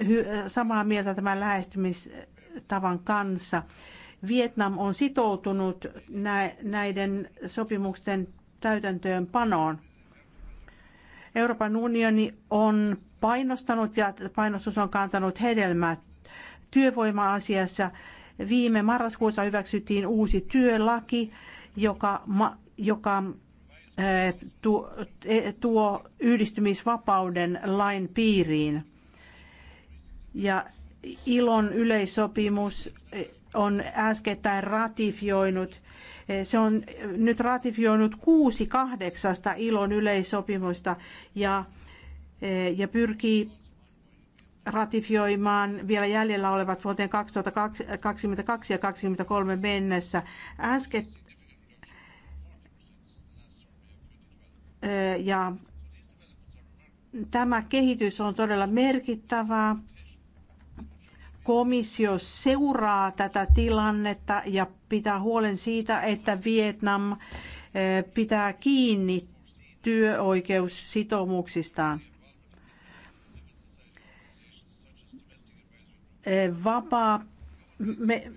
Äh, samaa mieltä tämän lähestymistavan kanssa. Vietnam on sitoutunut näiden sopimusten täytäntöön. panoon. Euroopan unioni on painostanut ja painostus on kantanut hedelmää työvoima-asiassa. Viime marraskuussa hyväksyttiin uusi työlaki, joka, joka äh, e-, tuo yhdistymisvapauden lain piiriin. Ja ilon yleissopimus eh, on äskettäin ratifioinut. Eh, se on eh, nyt ratifioinut kuusi kahdeksasta ilon yleissopimusta ja, ja pyrkii ratifioimaan vielä jäljellä olevat vuoteen 2022 ja 2023 mennessä. Äsket, ja tämä kehitys on todella merkittävää komissio seuraa tätä tilannetta ja pitää huolen siitä, että Vietnam eh, pitää kiinni työoikeussitoumuksistaan. Eh, vapaa, me,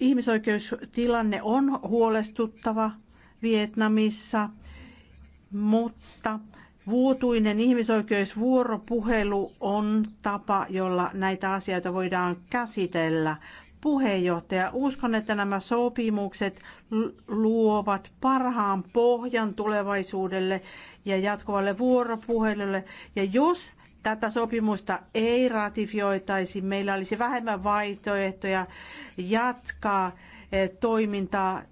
ihmisoikeustilanne on huolestuttava Vietnamissa, mutta Vuotuinen ihmisoikeusvuoropuhelu on tapa, jolla näitä asioita voidaan käsitellä. Puheenjohtaja, uskon, että nämä sopimukset luovat parhaan pohjan tulevaisuudelle ja jatkuvalle vuoropuhelulle. Ja jos tätä sopimusta ei ratifioitaisi, meillä olisi vähemmän vaihtoehtoja jatkaa eh, toimintaa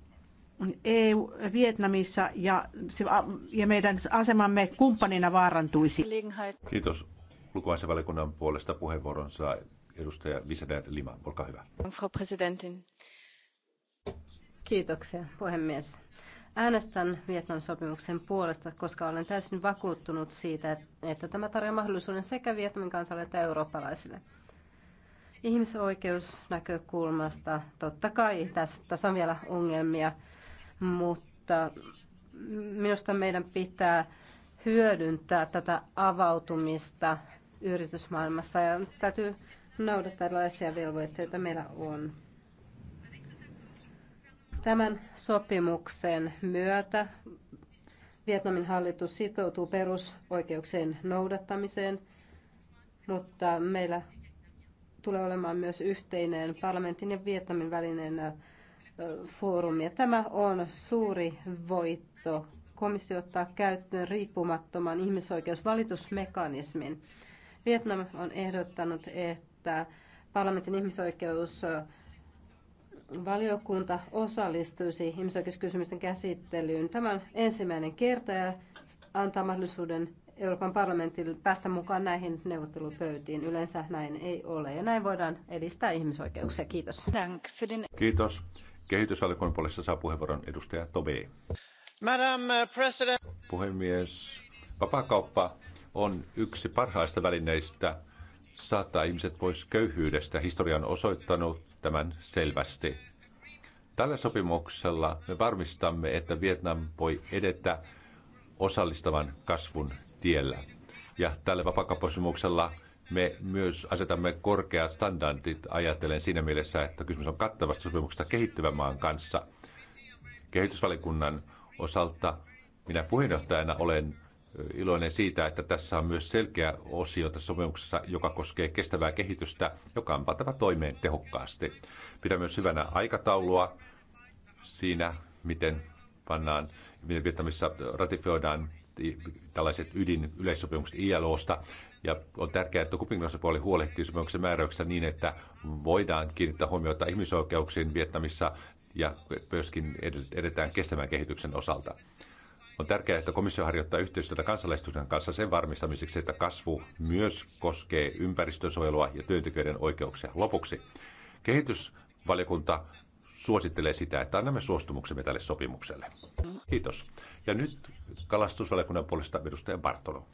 EU Vietnamissa ja, ja meidän asemamme kumppanina vaarantuisi. Kiitos ulkoasianvaliokunnan puolesta puheenvuoron saa edustaja Visader Lima. Olkaa hyvä. Kiitoksia puhemies. Äänestän Vietnam-sopimuksen puolesta, koska olen täysin vakuuttunut siitä, että tämä tarjoaa mahdollisuuden sekä Vietnamin kansalle että eurooppalaisille. Ihmisoikeusnäkökulmasta totta kai tässä, tässä on vielä ongelmia mutta minusta meidän pitää hyödyntää tätä avautumista yritysmaailmassa ja täytyy noudattaa erilaisia velvoitteita meillä on. Tämän sopimuksen myötä Vietnamin hallitus sitoutuu perusoikeuksien noudattamiseen, mutta meillä tulee olemaan myös yhteinen parlamentin ja Vietnamin välinen foorumia. Tämä on suuri voitto. Komissio ottaa käyttöön riippumattoman ihmisoikeusvalitusmekanismin. Vietnam on ehdottanut, että parlamentin ihmisoikeus valiokunta osallistuisi ihmisoikeuskysymysten käsittelyyn. Tämä on ensimmäinen kerta ja antaa mahdollisuuden Euroopan parlamentille päästä mukaan näihin neuvottelupöytiin. Yleensä näin ei ole ja näin voidaan edistää ihmisoikeuksia. Kiitos. Kiitos. Kehitysvaliokunnan puolesta saa puheenvuoron edustaja Tobe. Uh, President. Puhemies, vapaakauppa on yksi parhaista välineistä saattaa ihmiset pois köyhyydestä. Historia on osoittanut tämän selvästi. Tällä sopimuksella me varmistamme, että Vietnam voi edetä osallistavan kasvun tiellä. Ja tällä vapaakauppasopimuksella me myös asetamme korkeat standardit ajatellen siinä mielessä, että kysymys on kattavasta sopimuksesta kehittyvän maan kanssa. Kehitysvalikunnan osalta minä puheenjohtajana olen iloinen siitä, että tässä on myös selkeä osio tässä sopimuksessa, joka koskee kestävää kehitystä, joka on pantava toimeen tehokkaasti. Pidän myös hyvänä aikataulua siinä, miten pannaan, miten Vietnamissa ratifioidaan tällaiset ydin yleissopimukset ILOsta. Ja on tärkeää, että kuningaspuoli huolehtii sopimuksen määräyksistä niin, että voidaan kiinnittää huomiota ihmisoikeuksiin viettämissä ja myöskin edetään kestävän kehityksen osalta. On tärkeää, että komissio harjoittaa yhteistyötä kansalaistuksen kanssa sen varmistamiseksi, että kasvu myös koskee ympäristösuojelua ja työntekijöiden oikeuksia. Lopuksi kehitysvaliokunta suosittelee sitä, että annamme suostumuksemme tälle sopimukselle. Kiitos. Ja nyt kalastusvaliokunnan puolesta edustaja Bartolo.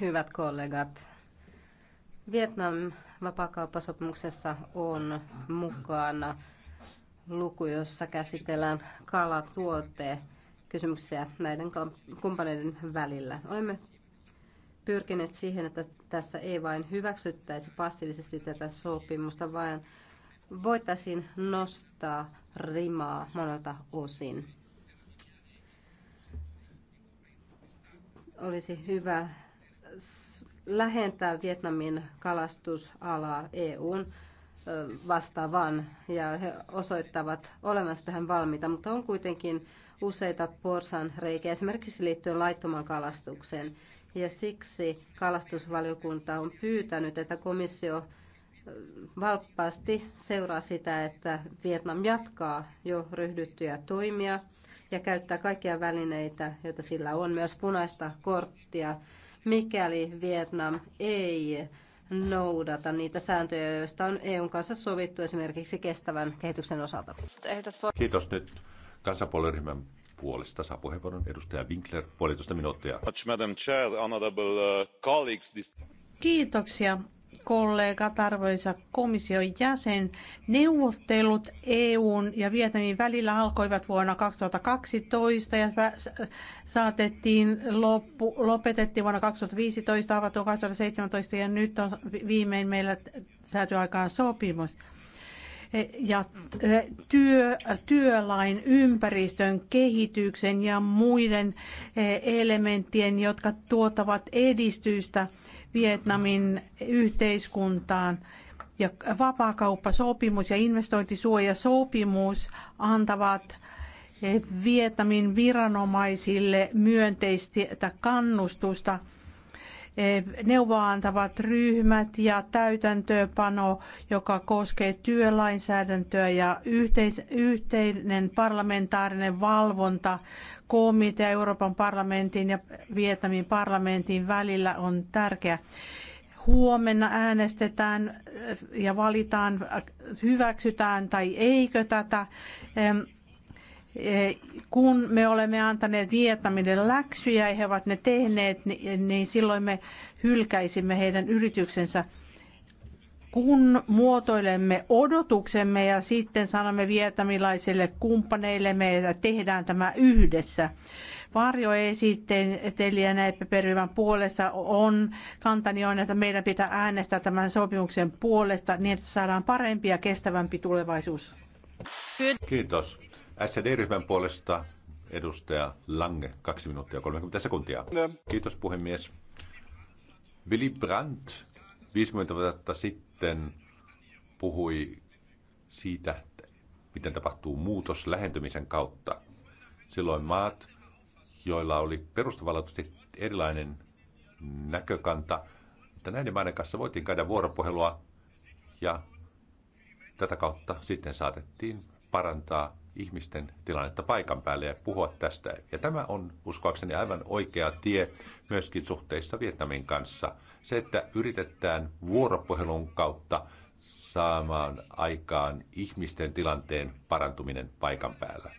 Hyvät kollegat, Vietnam vapaakauppasopimuksessa on mukana luku, jossa käsitellään kalatuote kysymyksiä näiden kumppaneiden välillä. Olemme pyrkineet siihen, että tässä ei vain hyväksyttäisi passiivisesti tätä sopimusta, vaan voitaisiin nostaa rimaa monelta osin. olisi hyvä lähentää Vietnamin kalastusalaa EUn vastaavan ja he osoittavat olemassa tähän valmiita, mutta on kuitenkin useita porsan reikiä esimerkiksi liittyen laittoman kalastukseen. Ja siksi kalastusvaliokunta on pyytänyt, että komissio valppaasti seuraa sitä, että Vietnam jatkaa jo ryhdyttyjä toimia ja käyttää kaikkia välineitä, joita sillä on, myös punaista korttia, mikäli Vietnam ei noudata niitä sääntöjä, joista on EUn kanssa sovittu esimerkiksi kestävän kehityksen osalta. Kiitos nyt kansanpuolueryhmän puolesta saa puheenvuoron edustaja Winkler, puolitoista minuuttia. Uh, Kiitoksia kollegat, arvoisa komission jäsen, neuvottelut EUn ja Vietnamin välillä alkoivat vuonna 2012 ja saatettiin loppu, lopetettiin vuonna 2015, avattu 2017 ja nyt on viimein meillä sääty aikaan sopimus. E, ja e, työ, työlain, ympäristön, kehityksen ja muiden e, elementtien, jotka tuottavat edistystä Vietnamin yhteiskuntaan. Ja vapaakauppasopimus ja investointisuojasopimus antavat eh, Vietnamin viranomaisille myönteistä kannustusta. Eh, neuvoa antavat ryhmät ja täytäntöönpano, joka koskee työlainsäädäntöä ja yhteinen parlamentaarinen valvonta komitea Euroopan parlamentin ja Vietnamin parlamentin välillä on tärkeä. Huomenna äänestetään eh, ja valitaan, hyväksytään tai eikö tätä eh, kun me olemme antaneet Vietnamille läksyjä ja he ovat ne tehneet, niin silloin me hylkäisimme heidän yrityksensä kun muotoilemme odotuksemme ja sitten sanomme vietnamilaisille kumppaneillemme, että tehdään tämä yhdessä. sitten EPP-ryhmän puolesta on kantani on, että meidän pitää äänestää tämän sopimuksen puolesta niin, että saadaan parempi ja kestävämpi tulevaisuus. Kiitos. SD-ryhmän puolesta edustaja Lange, 2 minuuttia 30 sekuntia. No. Kiitos puhemies. Willy Brandt 50 vuotta sitten puhui siitä, miten tapahtuu muutos lähentymisen kautta. Silloin maat, joilla oli perustavallisesti erilainen näkökanta, että näiden maiden kanssa voitiin käydä vuoropuhelua ja tätä kautta sitten saatettiin parantaa ihmisten tilannetta paikan päälle ja puhua tästä. Ja tämä on uskoakseni aivan oikea tie myöskin suhteissa Vietnamin kanssa. Se, että yritetään vuoropuhelun kautta saamaan aikaan ihmisten tilanteen parantuminen paikan päällä.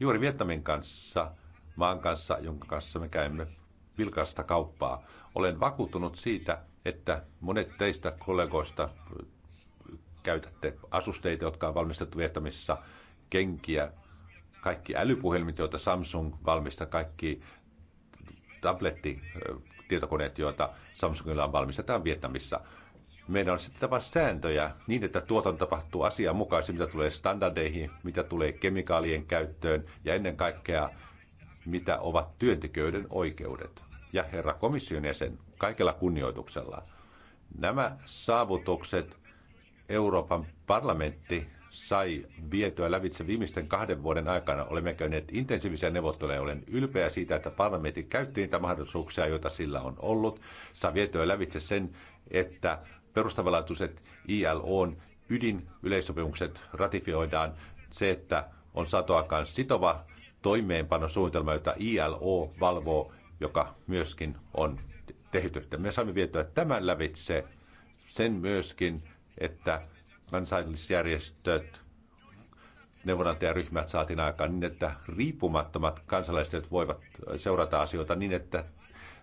Juuri Vietnamin kanssa, maan kanssa, jonka kanssa me käymme vilkasta kauppaa, olen vakuuttunut siitä, että monet teistä kollegoista käytätte asusteita, jotka on valmistettu Vietnamissa – kenkiä, kaikki älypuhelimet, joita Samsung valmistaa, kaikki tablettitietokoneet, joita Samsungilla on valmistetaan Vietnamissa. Meidän on sitten vain sääntöjä niin, että tuotanto tapahtuu asianmukaisesti, mitä tulee standardeihin, mitä tulee kemikaalien käyttöön ja ennen kaikkea, mitä ovat työntekijöiden oikeudet. Ja herra komission jäsen, kaikella kunnioituksella, nämä saavutukset Euroopan parlamentti sai vietyä lävitse viimeisten kahden vuoden aikana. Olemme käyneet intensiivisiä neuvotteluja. Olen ylpeä siitä, että parlamentti käytti niitä mahdollisuuksia, joita sillä on ollut. Saa vietyä lävitse sen, että perustavanlaatuiset ILOn ydinyleissopimukset ratifioidaan. Se, että on saatu aikaan sitova toimeenpanosuunnitelma, jota ILO valvoo, joka myöskin on tehty. Me saamme vietyä tämän lävitse sen myöskin, että kansallisjärjestöt, neuvonantajaryhmät saatiin aikaan niin, että riippumattomat kansalaiset voivat seurata asioita niin, että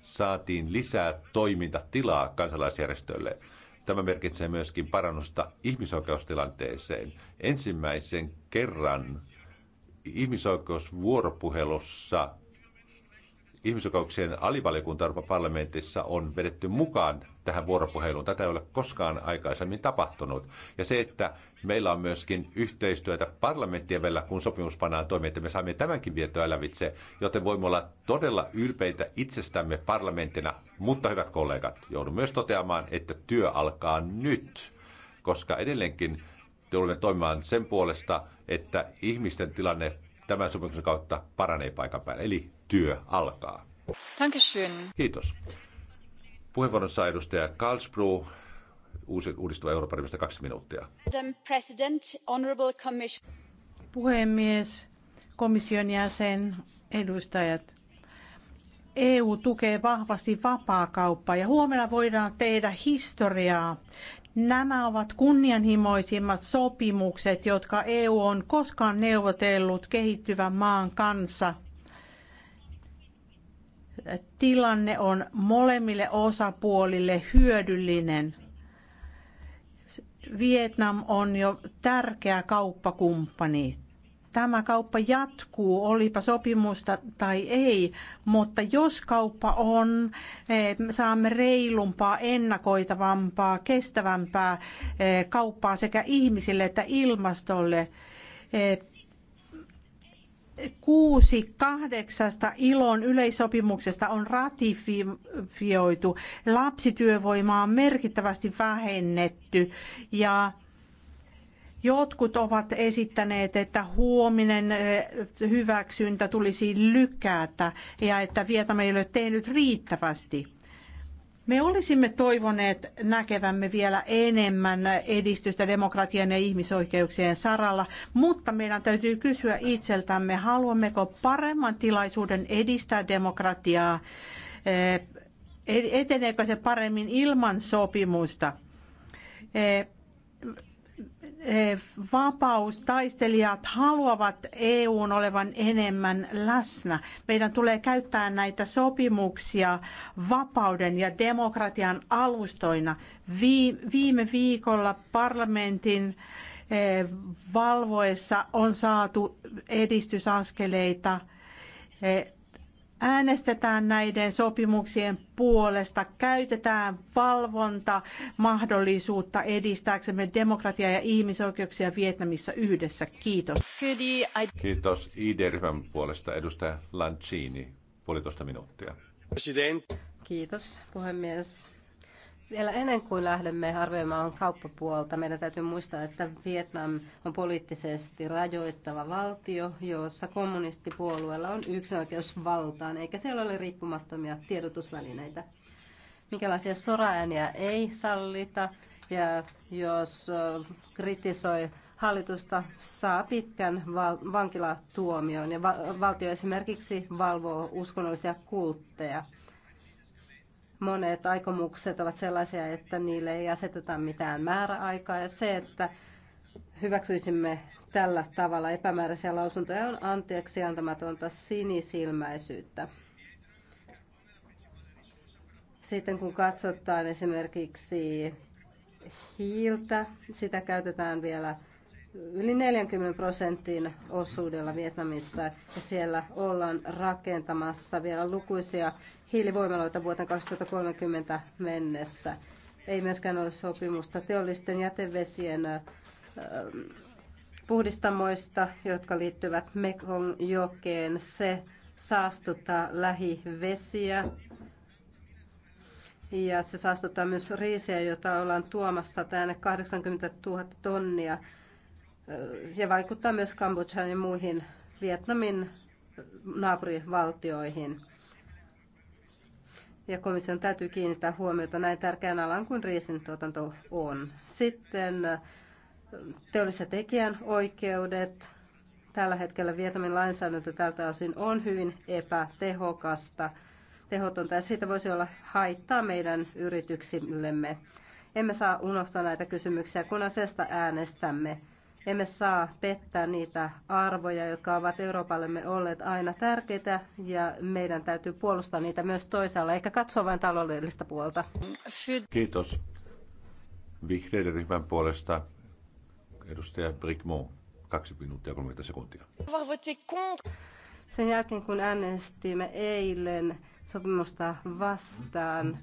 saatiin lisää toimintatilaa kansalaisjärjestöille. Tämä merkitsee myöskin parannusta ihmisoikeustilanteeseen. Ensimmäisen kerran ihmisoikeusvuoropuhelussa ihmisoikeuksien alivaliokunta parlamentissa on vedetty mukaan tähän vuoropuheluun. Tätä ei ole koskaan aikaisemmin tapahtunut. Ja se, että meillä on myöskin yhteistyötä parlamenttien välillä, kun sopimus pannaan toimeen, että me saamme tämänkin vietoa lävitse, joten voimme olla todella ylpeitä itsestämme parlamenttina. Mutta hyvät kollegat, joudun myös toteamaan, että työ alkaa nyt, koska edelleenkin tulemme toimimaan sen puolesta, että ihmisten tilanne tämän sopimuksen kautta paranee paikan päällä. Eli työ alkaa. Kiitos. Puheenvuoronsa edustaja Karlsbru, uusi, uudistuva Euroopan kaksi minuuttia. Madam President, Honorable Commission. Puhemies, komission jäsen, edustajat. EU tukee vahvasti vapaakauppaa ja huomenna voidaan tehdä historiaa. Nämä ovat kunnianhimoisimmat sopimukset, jotka EU on koskaan neuvotellut kehittyvän maan kanssa – tilanne on molemmille osapuolille hyödyllinen. Vietnam on jo tärkeä kauppakumppani. Tämä kauppa jatkuu, olipa sopimusta tai ei, mutta jos kauppa on, eh, saamme reilumpaa, ennakoitavampaa, kestävämpää eh, kauppaa sekä ihmisille että ilmastolle eh, kuusi kahdeksasta ilon yleissopimuksesta on ratifioitu. Lapsityövoimaa on merkittävästi vähennetty ja Jotkut ovat esittäneet, että huominen hyväksyntä tulisi lykätä ja että Vietnam ei ole tehnyt riittävästi. Me olisimme toivoneet näkevämme vielä enemmän edistystä demokratian ja ihmisoikeuksien saralla, mutta meidän täytyy kysyä itseltämme, haluammeko paremman tilaisuuden edistää demokratiaa, eh, eteneekö se paremmin ilman sopimusta. Eh, vapaustaistelijat haluavat EUn olevan enemmän läsnä. Meidän tulee käyttää näitä sopimuksia vapauden ja demokratian alustoina. Viime viikolla parlamentin valvoessa on saatu edistysaskeleita äänestetään näiden sopimuksien puolesta, käytetään valvontamahdollisuutta edistääksemme demokratiaa ja ihmisoikeuksia Vietnamissa yhdessä. Kiitos. Kiitos ID-ryhmän puolesta edustaja Lancini, puolitoista minuuttia. President. Kiitos puhemies. Vielä ennen kuin lähdemme arvioimaan kauppapuolta, meidän täytyy muistaa, että Vietnam on poliittisesti rajoittava valtio, jossa kommunistipuolueella on yksinoikeus valtaan, eikä siellä ole riippumattomia tiedotusvälineitä. Mikälaisia soraääniä ei sallita, ja jos kritisoi hallitusta, saa pitkän val- vankilatuomion, ja va- valtio esimerkiksi valvoo uskonnollisia kultteja monet aikomukset ovat sellaisia, että niille ei aseteta mitään määräaikaa. Ja se, että hyväksyisimme tällä tavalla epämääräisiä lausuntoja, on anteeksi antamatonta sinisilmäisyyttä. Sitten kun katsotaan esimerkiksi hiiltä, sitä käytetään vielä yli 40 prosentin osuudella Vietnamissa ja siellä ollaan rakentamassa vielä lukuisia hiilivoimaloita vuoteen 2030 mennessä. Ei myöskään ole sopimusta teollisten jätevesien puhdistamoista, jotka liittyvät Mekong-jokeen. Se saastuttaa lähivesiä ja se saastuttaa myös riisiä, jota ollaan tuomassa tänne 80 000 tonnia ja vaikuttaa myös Kambodžan ja muihin Vietnamin naapurivaltioihin ja komission täytyy kiinnittää huomiota näin tärkeän alan kuin riisintuotanto on. Sitten äh, teolliset tekijän oikeudet. Tällä hetkellä Vietnamin lainsäädäntö tältä osin on hyvin epätehokasta, tehotonta ja siitä voisi olla haittaa meidän yrityksillemme. Emme saa unohtaa näitä kysymyksiä, kun asiasta äänestämme. Emme saa pettää niitä arvoja, jotka ovat Euroopallemme olleet aina tärkeitä, ja meidän täytyy puolustaa niitä myös toisaalla, eikä katsoa vain taloudellista puolta. Kiitos. Vihreiden ryhmän puolesta edustaja Brickmo, kaksi minuuttia 30 sekuntia. Sen jälkeen, kun äänestimme eilen sopimusta vastaan,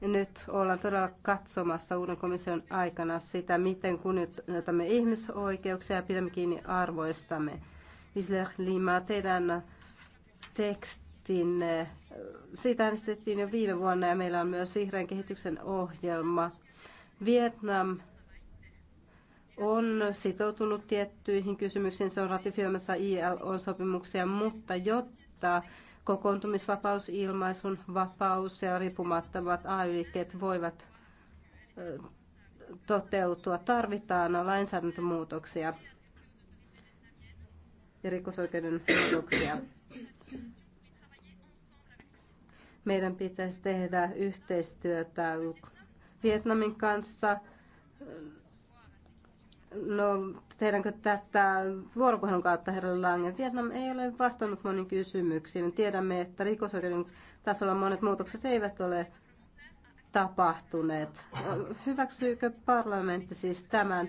nyt ollaan todella katsomassa uuden komission aikana sitä, miten kunnioitamme ihmisoikeuksia ja pidämme kiinni arvoistamme. Isler Lima, teidän tekstinne, siitä äänestettiin jo viime vuonna ja meillä on myös vihreän kehityksen ohjelma. Vietnam on sitoutunut tiettyihin kysymyksiin, se on ratifioimassa ILO-sopimuksia, mutta jotta kokoontumisvapaus, ilmaisun vapaus ja riippumattomat AY-liikkeet voivat toteutua. Tarvitaan lainsäädäntömuutoksia ja rikosoikeuden muutoksia. Meidän pitäisi tehdä yhteistyötä Vietnamin kanssa, No, tehdäänkö tätä vuoropuhelun kautta herra Lange? Vietnam ei ole vastannut moniin kysymyksiin. Tiedämme, että rikosoikeuden tasolla monet muutokset eivät ole tapahtuneet. Hyväksyykö parlamentti siis tämän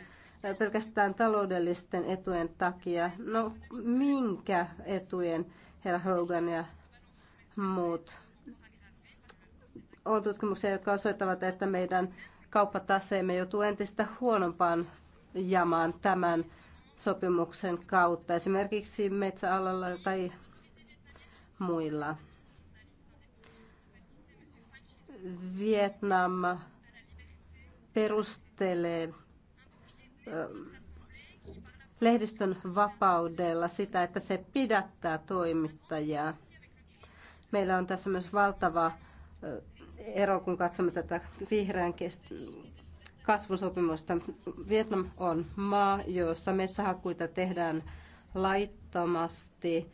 pelkästään taloudellisten etujen takia? No, minkä etujen herra Hogan ja muut? On tutkimuksia, jotka osoittavat, että meidän kauppataseemme joutuu entistä huonompaan jamaan tämän sopimuksen kautta, esimerkiksi metsäalalla tai muilla. Vietnam perustelee ähm, lehdistön vapaudella sitä, että se pidättää toimittajia. Meillä on tässä myös valtava äh, ero, kun katsomme tätä vihreän kasvusopimusta. Vietnam on maa, jossa metsähakkuita tehdään laittomasti.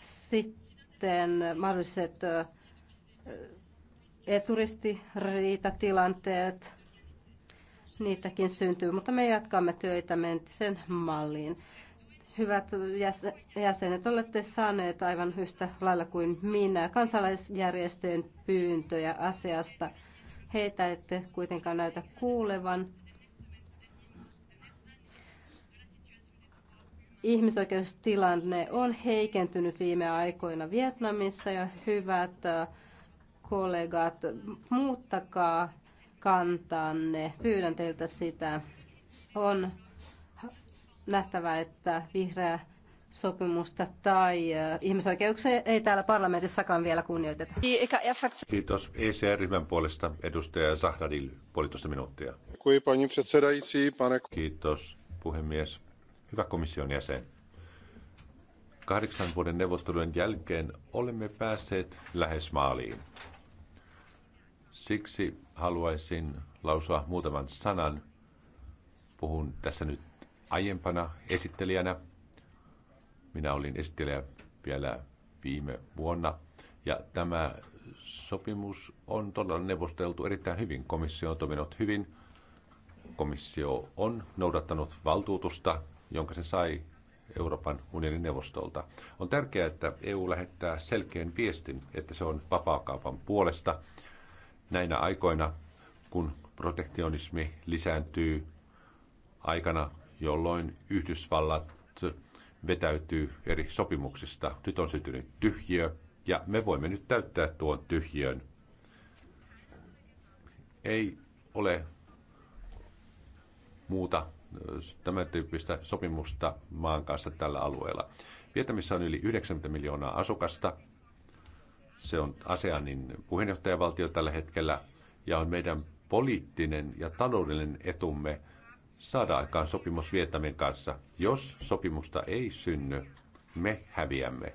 Sitten mahdolliset eturistiriitatilanteet, niitäkin syntyy, mutta me jatkamme töitä sen malliin. Hyvät jäsenet, olette saaneet aivan yhtä lailla kuin minä kansalaisjärjestöjen pyyntöjä asiasta. Heitä ette kuitenkaan näytä kuulevan. Ihmisoikeustilanne on heikentynyt viime aikoina Vietnamissa ja hyvät äh, kollegat, muuttakaa kantanne. Pyydän teiltä sitä. On nähtävä, että vihreä sopimusta tai äh, ihmisoikeuksia ei täällä parlamentissakaan vielä kunnioiteta. Kiitos ECR-ryhmän puolesta edustaja Zahradil puolitoista minuuttia. Kiitos puhemies. Hyvä komission jäsen. Kahdeksan vuoden neuvottelujen jälkeen olemme päässeet lähes maaliin. Siksi haluaisin lausua muutaman sanan. Puhun tässä nyt aiempana esittelijänä minä olin esittelijä vielä viime vuonna. Ja tämä sopimus on todella neuvosteltu erittäin hyvin. Komissio on toiminut hyvin. Komissio on noudattanut valtuutusta, jonka se sai Euroopan unionin neuvostolta. On tärkeää, että EU lähettää selkeän viestin, että se on vapaakaupan puolesta näinä aikoina, kun protektionismi lisääntyy aikana, jolloin Yhdysvallat vetäytyy eri sopimuksista. Nyt on syntynyt tyhjiö ja me voimme nyt täyttää tuon tyhjön Ei ole muuta äh, tämän tyyppistä sopimusta maan kanssa tällä alueella. Vietnamissa on yli 90 miljoonaa asukasta. Se on ASEANin puheenjohtajavaltio tällä hetkellä ja on meidän poliittinen ja taloudellinen etumme – saada aikaan sopimus Vietnamin kanssa. Jos sopimusta ei synny, me häviämme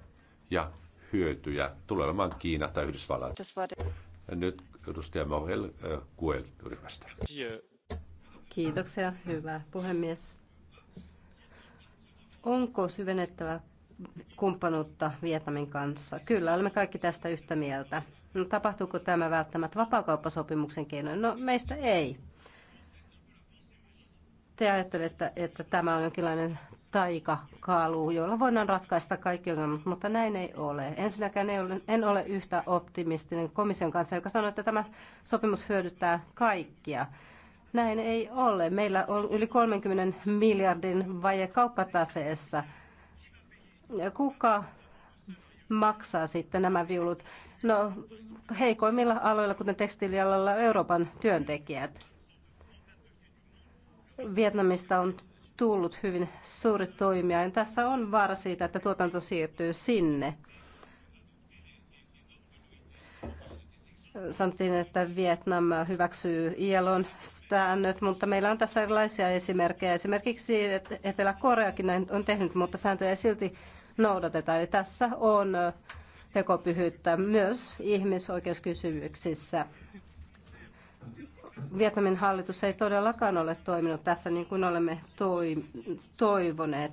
ja hyötyjä tulee olemaan Kiina tai Yhdysvallat. Nyt edustaja Morel Kuel-ryhmästä. Kiitoksia, hyvä puhemies. Onko syvennettävä kumppanuutta Vietnamin kanssa? Kyllä, olemme kaikki tästä yhtä mieltä. No, tapahtuuko tämä välttämättä vapaakauppasopimuksen keinoin? No meistä ei te ajattelette, että tämä on jonkinlainen taikakalu, jolla voidaan ratkaista kaikki ongelmat, mutta näin ei ole. Ensinnäkään ei ole, en ole yhtä optimistinen komission kanssa, joka sanoo, että tämä sopimus hyödyttää kaikkia. Näin ei ole. Meillä on yli 30 miljardin vaje kauppataseessa. Kuka maksaa sitten nämä viulut? No, heikoimmilla aloilla, kuten tekstiilialalla, Euroopan työntekijät. Vietnamista on tullut hyvin suuri toimija. Ja tässä on vaara siitä, että tuotanto siirtyy sinne. Sanottiin, että Vietnam hyväksyy ILOn säännöt, mutta meillä on tässä erilaisia esimerkkejä. Esimerkiksi Etelä-Koreakin näin on tehnyt, mutta sääntöjä ei silti noudateta. Eli tässä on tekopyhyyttä myös ihmisoikeuskysymyksissä. Vietnamin hallitus ei todellakaan ole toiminut tässä niin kuin olemme toivoneet.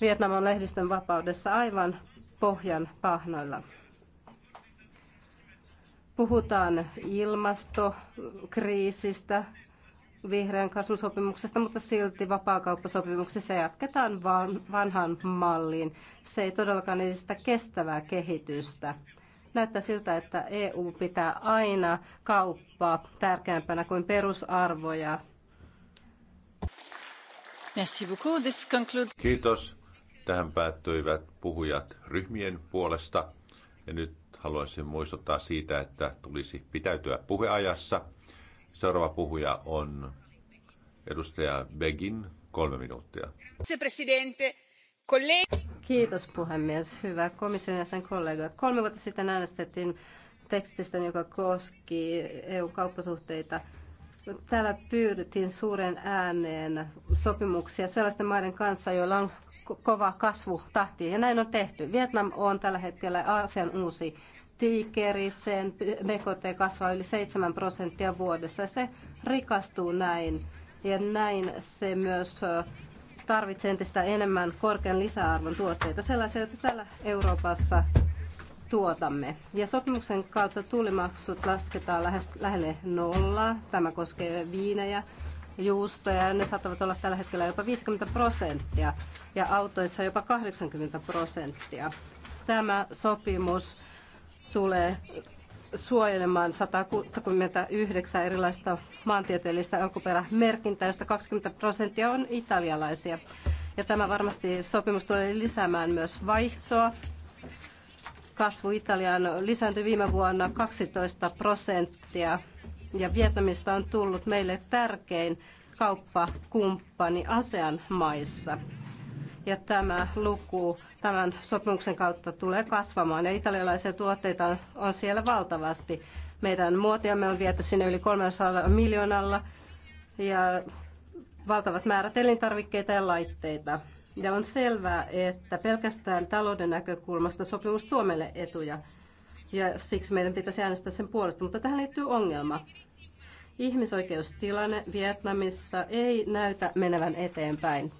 Vietnam on lehdistön vapaudessa aivan pohjan pahnoilla. Puhutaan ilmastokriisistä, vihreän kasvusopimuksesta, mutta silti vapaakauppasopimuksessa jatketaan vanhan malliin. Se ei todellakaan edistä kestävää kehitystä. Näyttää siltä, että EU pitää aina kauppaa tärkeämpänä kuin perusarvoja. Merci beaucoup. This concludes... Kiitos. Tähän päättyivät puhujat ryhmien puolesta. Ja nyt haluaisin muistuttaa siitä, että tulisi pitäytyä puheajassa. Seuraava puhuja on edustaja Begin, kolme minuuttia. presidente, Kiitos puhemies. Hyvä komission ja sen kollega. Kolme vuotta sitten äänestettiin tekstistä, joka koski EU-kauppasuhteita. Täällä pyydettiin suuren ääneen sopimuksia sellaisten maiden kanssa, joilla on kova kasvu tahti. Ja näin on tehty. Vietnam on tällä hetkellä Aasian uusi tiikeri. Sen BKT kasvaa yli 7 prosenttia vuodessa. Se rikastuu näin. Ja näin se myös tarvitsee entistä enemmän korkean lisäarvon tuotteita, sellaisia, joita täällä Euroopassa tuotamme. Ja sopimuksen kautta tulimaksut lasketaan lähes, lähelle nollaa. Tämä koskee viinejä, juustoja, ja ne saattavat olla tällä hetkellä jopa 50 prosenttia ja autoissa jopa 80 prosenttia. Tämä sopimus tulee suojelemaan 169 erilaista maantieteellistä alkuperämerkintää, joista 20 prosenttia on italialaisia. Ja tämä varmasti sopimus tulee lisäämään myös vaihtoa. Kasvu Italiaan lisääntyi viime vuonna 12 prosenttia ja Vietnamista on tullut meille tärkein kauppakumppani ASEAN maissa ja tämä luku tämän sopimuksen kautta tulee kasvamaan. Ja italialaisia tuotteita on siellä valtavasti. Meidän muotiamme on viety sinne yli 300 miljoonalla ja valtavat määrät elintarvikkeita ja laitteita. Ja on selvää, että pelkästään talouden näkökulmasta sopimus tuo meille etuja. Ja siksi meidän pitäisi äänestää sen puolesta. Mutta tähän liittyy ongelma. Ihmisoikeustilanne Vietnamissa ei näytä menevän eteenpäin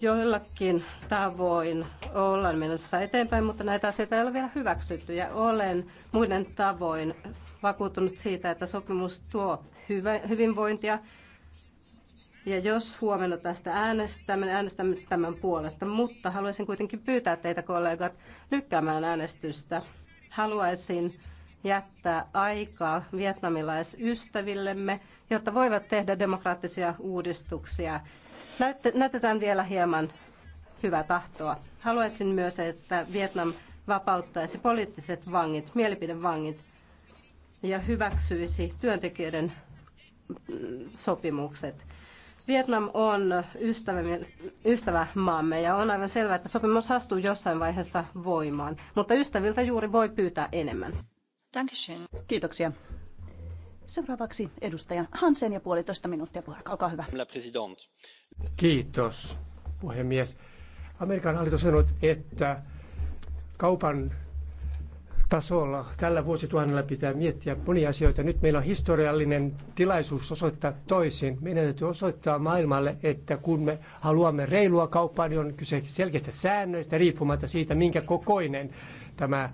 joillakin tavoin ollaan menossa eteenpäin, mutta näitä asioita ei ole vielä hyväksytty. Ja olen muiden tavoin vakuuttunut siitä, että sopimus tuo hyvä, hyvinvointia. Ja jos huomenna tästä äänestämme, äänestämme tämän puolesta. Mutta haluaisin kuitenkin pyytää teitä kollegat lykkäämään äänestystä. Haluaisin jättää aikaa vietnamilaisystävillemme, jotta voivat tehdä demokraattisia uudistuksia näytetään vielä hieman hyvää tahtoa. Haluaisin myös, että Vietnam vapauttaisi poliittiset vangit, mielipidevangit ja hyväksyisi työntekijöiden mm, sopimukset. Vietnam on ystävä maamme ja on aivan selvää, että sopimus astuu jossain vaiheessa voimaan, mutta ystäviltä juuri voi pyytää enemmän. Dankeschön. Kiitoksia. Seuraavaksi edustaja Hansen ja puolitoista minuuttia puheenjohtaja. Olkaa hyvä. Kiitos, puhemies. Amerikan hallitus sanoi, että kaupan tasolla tällä vuosituhannella pitää miettiä monia asioita. Nyt meillä on historiallinen tilaisuus osoittaa toisin. Meidän täytyy osoittaa maailmalle, että kun me haluamme reilua kauppaa, niin on kyse selkeistä säännöistä riippumatta siitä, minkä kokoinen tämä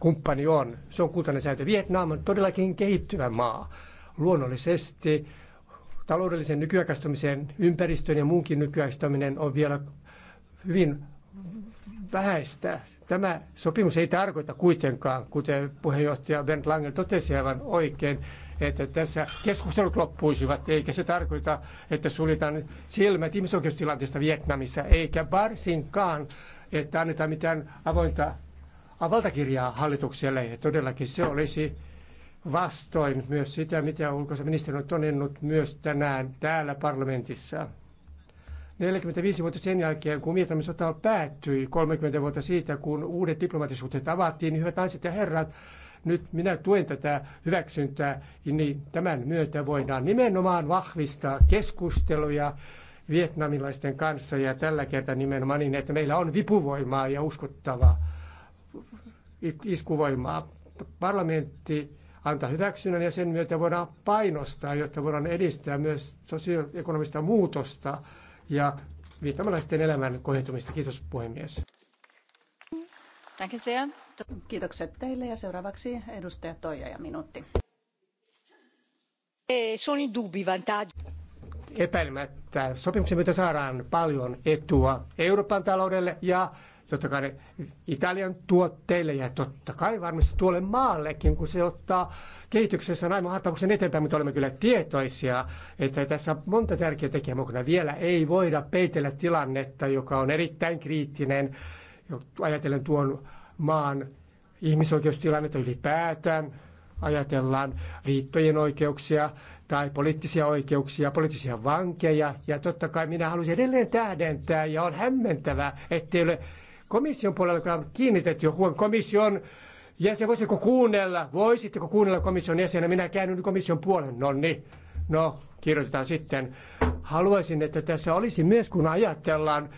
kumppani on. Se on kultainen säätö. Vietnam on todellakin kehittyvä maa. Luonnollisesti taloudellisen nykyaikaistumisen, ympäristön ja muunkin nykyaikaistuminen on vielä hyvin vähäistä. Tämä sopimus ei tarkoita kuitenkaan, kuten puheenjohtaja Bernd Langel totesi aivan oikein, että tässä keskustelut loppuisivat, eikä se tarkoita, että suljetaan silmät ihmisoikeustilanteesta Vietnamissa, eikä varsinkaan, että annetaan mitään avointa valtakirjaa hallitukselle. Ja todellakin se olisi vastoin myös sitä, mitä ulkoministeri on todennut myös tänään täällä parlamentissa. 45 vuotta sen jälkeen, kun Vietnamin sota päättyi, 30 vuotta siitä, kun uudet diplomaattisuhteet avattiin, niin hyvät naiset ja herrat, nyt minä tuen tätä hyväksyntää, niin tämän myötä voidaan nimenomaan vahvistaa keskusteluja vietnamilaisten kanssa ja tällä kertaa nimenomaan niin, että meillä on vipuvoimaa ja uskottavaa iskuvoimaa. Parlamentti antaa hyväksynnän ja sen myötä voidaan painostaa, jotta voidaan edistää myös sosioekonomista muutosta ja viittamalaisten elämän kohentumista. Kiitos puhemies. Kiitokset teille ja seuraavaksi edustaja Toija ja minuutti. E, Epäilemättä sopimuksen myötä saadaan paljon etua Euroopan taloudelle ja totta kai Italian tuotteille ja totta kai varmasti tuolle maallekin, kun se ottaa kehityksessä aivan harppauksen eteenpäin, mutta olemme kyllä tietoisia, että tässä on monta tärkeää tekijää mukana. Vielä ei voida peitellä tilannetta, joka on erittäin kriittinen, ajatellen tuon maan ihmisoikeustilannetta ylipäätään, ajatellaan riittojen oikeuksia tai poliittisia oikeuksia, poliittisia vankeja. Ja totta kai minä haluaisin edelleen tähdentää ja on hämmentävä, ettei ole komission puolella, joka kiinnitetty jo huomioon. Komission jäsen, voisitko kuunnella, voisitteko kuunnella komission jäsenä? Minä käyn nyt komission puolen. No niin, no kirjoitetaan sitten. Haluaisin, että tässä olisi myös, kun ajatellaan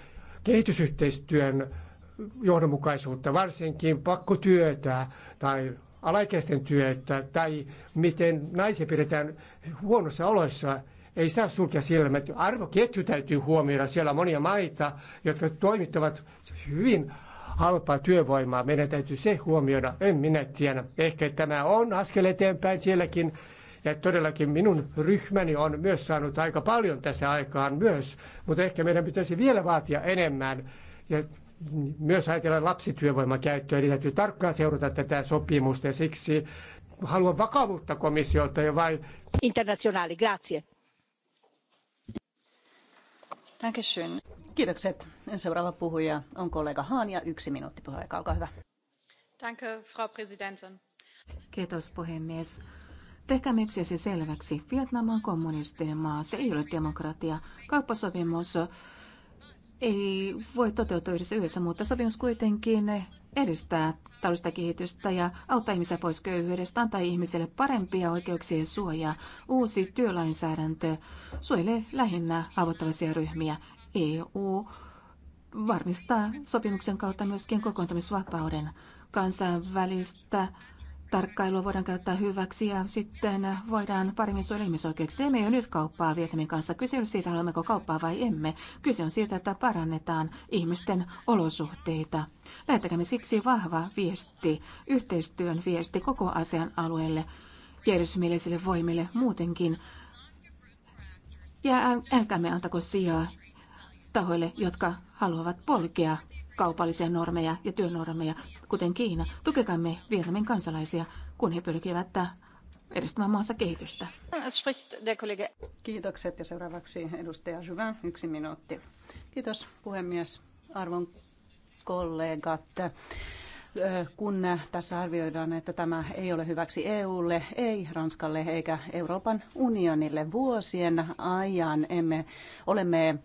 kehitysyhteistyön johdonmukaisuutta, varsinkin pakkotyötä tai alaikäisten työtä tai miten naisia pidetään huonossa oloissa – ei saa sulkea silmät. Arvoketju täytyy huomioida. Siellä on monia maita, jotka toimittavat hyvin halpaa työvoimaa. Meidän täytyy se huomioida. En minä tiedä. Ehkä tämä on askel eteenpäin sielläkin. Ja todellakin minun ryhmäni on myös saanut aika paljon tässä aikaan myös, mutta ehkä meidän pitäisi vielä vaatia enemmän. Ja myös ajatella lapsityövoiman käyttöä, eli täytyy tarkkaan seurata tätä sopimusta ja siksi haluan vakavuutta komissiolta ja vain... Internationaali, grazie. Dankeschön. Kiitokset. Seuraava puhuja on kollega Haan ja yksi minuutti puheaika. Olkaa hyvä. Danke, Frau Präsidentin. Kiitos puhemies. Tehkäämme yksi asia selväksi. Vietnam on kommunistinen maa. Se ei ole demokratia. Kauppasopimus ei voi toteutua yhdessä yössä, mutta sopimus kuitenkin edistää taloudellista kehitystä ja auttaa ihmisiä pois köyhyydestä, antaa ihmisille parempia oikeuksia ja suojaa. Uusi työlainsäädäntö suojelee lähinnä avottavaisia ryhmiä. EU varmistaa sopimuksen kautta myöskin kokoontumisvapauden kansainvälistä tarkkailua voidaan käyttää hyväksi ja sitten voidaan paremmin suojella ihmisoikeuksia. Teemme jo nyt kauppaa Vietnamin kanssa. Kyse on siitä, haluammeko kauppaa vai emme. Kyse on siitä, että parannetaan ihmisten olosuhteita. Lähettäkäämme siksi vahva viesti, yhteistyön viesti koko asian alueelle, järjestysmielisille voimille muutenkin. Ja älkäämme antako sijaa tahoille, jotka haluavat polkea kaupallisia normeja ja työnormeja, kuten Kiina. Tukekamme Vietnamin kansalaisia, kun he pyrkivät edistämään maassa kehitystä. Kiitokset ja seuraavaksi edustaja Jyvä, yksi minuutti. Kiitos puhemies, arvon kollegat. Äh, kun tässä arvioidaan, että tämä ei ole hyväksi EUlle, ei Ranskalle eikä Euroopan unionille. Vuosien ajan emme olemme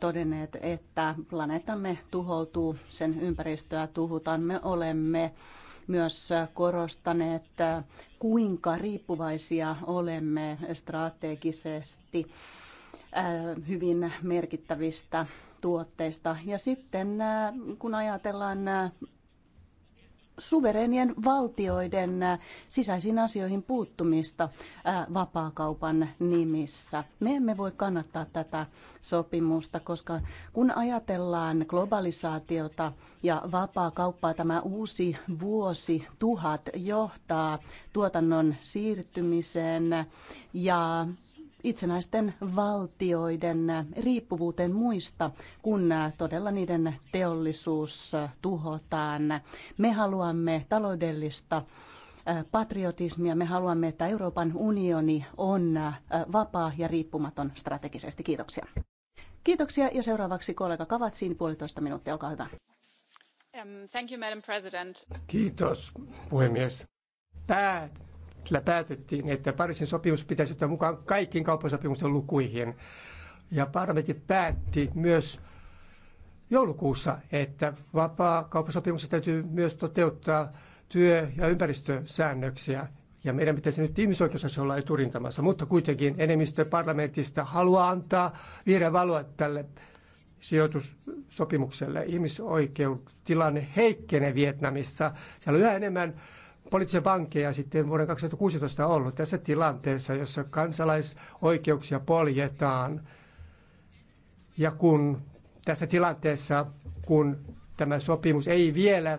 todenneet, että planeettamme tuhoutuu, sen ympäristöä tuhutaan. Me olemme myös korostaneet, kuinka riippuvaisia olemme strategisesti äh, hyvin merkittävistä tuotteista. Ja sitten äh, kun ajatellaan suvereenien valtioiden äh, sisäisiin asioihin puuttumista äh, vapaakaupan nimissä. Me emme voi kannattaa tätä sopimusta, koska kun ajatellaan globalisaatiota ja vapaakauppaa, tämä uusi vuosi tuhat johtaa tuotannon siirtymiseen ja itsenäisten valtioiden riippuvuuteen muista, kun todella niiden teollisuus tuhotaan. Me haluamme taloudellista patriotismia. Me haluamme, että Euroopan unioni on vapaa ja riippumaton strategisesti. Kiitoksia. Kiitoksia ja seuraavaksi kollega Kavatsiin puolitoista minuuttia. Olkaa hyvä. Um, thank you, Madam President. Kiitos, puhemies. Tämä sillä päätettiin, että Pariisin sopimus pitäisi ottaa mukaan kaikkiin kauppasopimusten lukuihin. Ja parlamentti päätti myös joulukuussa, että vapaa kauppasopimuksessa täytyy myös toteuttaa työ- ja ympäristösäännöksiä. Ja meidän pitäisi nyt ihmisoikeusasioissa olla eturintamassa, mutta kuitenkin enemmistö parlamentista haluaa antaa vihreä valoa tälle sijoitussopimukselle. Ihmisoikeustilanne heikkenee Vietnamissa. Siellä on yhä enemmän poliittisia vankeja sitten vuoden 2016 ollut tässä tilanteessa, jossa kansalaisoikeuksia poljetaan. Ja kun tässä tilanteessa, kun tämä sopimus ei vielä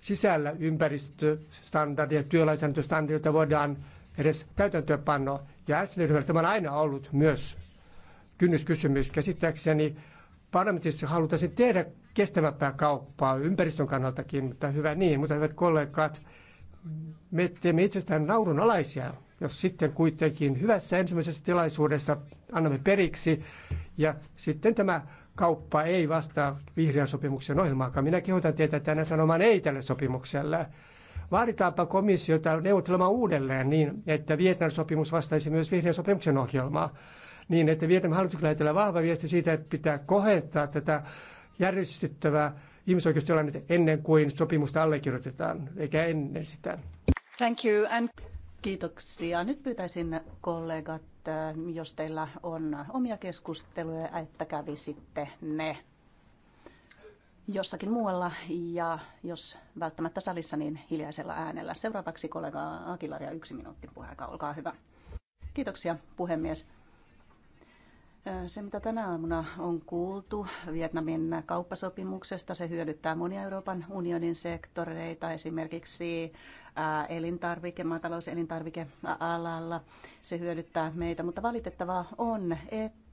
sisällä ympäristöstandardia, työlainsäädäntöstandardia, voidaan edes täytäntöönpanno. Ja SN-ryhmällä tämä on aina ollut myös kynnyskysymys. Käsittääkseni parlamentissa halutaan tehdä kestävämpää kauppaa ympäristön kannaltakin, mutta hyvä niin. Mutta hyvät kollegat, me teemme itsestään naurunalaisia, jos sitten kuitenkin hyvässä ensimmäisessä tilaisuudessa annamme periksi ja sitten tämä kauppa ei vastaa vihreän sopimuksen ohjelmaakaan. Minä kehotan teitä tänään sanomaan ei tälle sopimukselle. Vaaditaanpa komissiota neuvottelemaan uudelleen niin, että Vietnam sopimus vastaisi myös vihreän sopimuksen ohjelmaa. Niin, että Vietnam hallituksen lähetellä vahva viesti siitä, että pitää kohentaa tätä järjestettävää ihmisoikeustilannetta ennen kuin sopimusta allekirjoitetaan, eikä ennen sitä. Thank you. And... Kiitoksia. Nyt pyytäisin kollegat, äh, jos teillä on omia keskusteluja, että kävisitte ne jossakin muualla ja jos välttämättä salissa, niin hiljaisella äänellä. Seuraavaksi kollega Akilaria yksi minuutti puheaika, olkaa hyvä. Kiitoksia puhemies. Se, mitä tänä aamuna on kuultu Vietnamin kauppasopimuksesta, se hyödyttää monia Euroopan unionin sektoreita, esimerkiksi elintarvike, maatalouselintarvikealalla. Se hyödyttää meitä, mutta valitettavaa on, että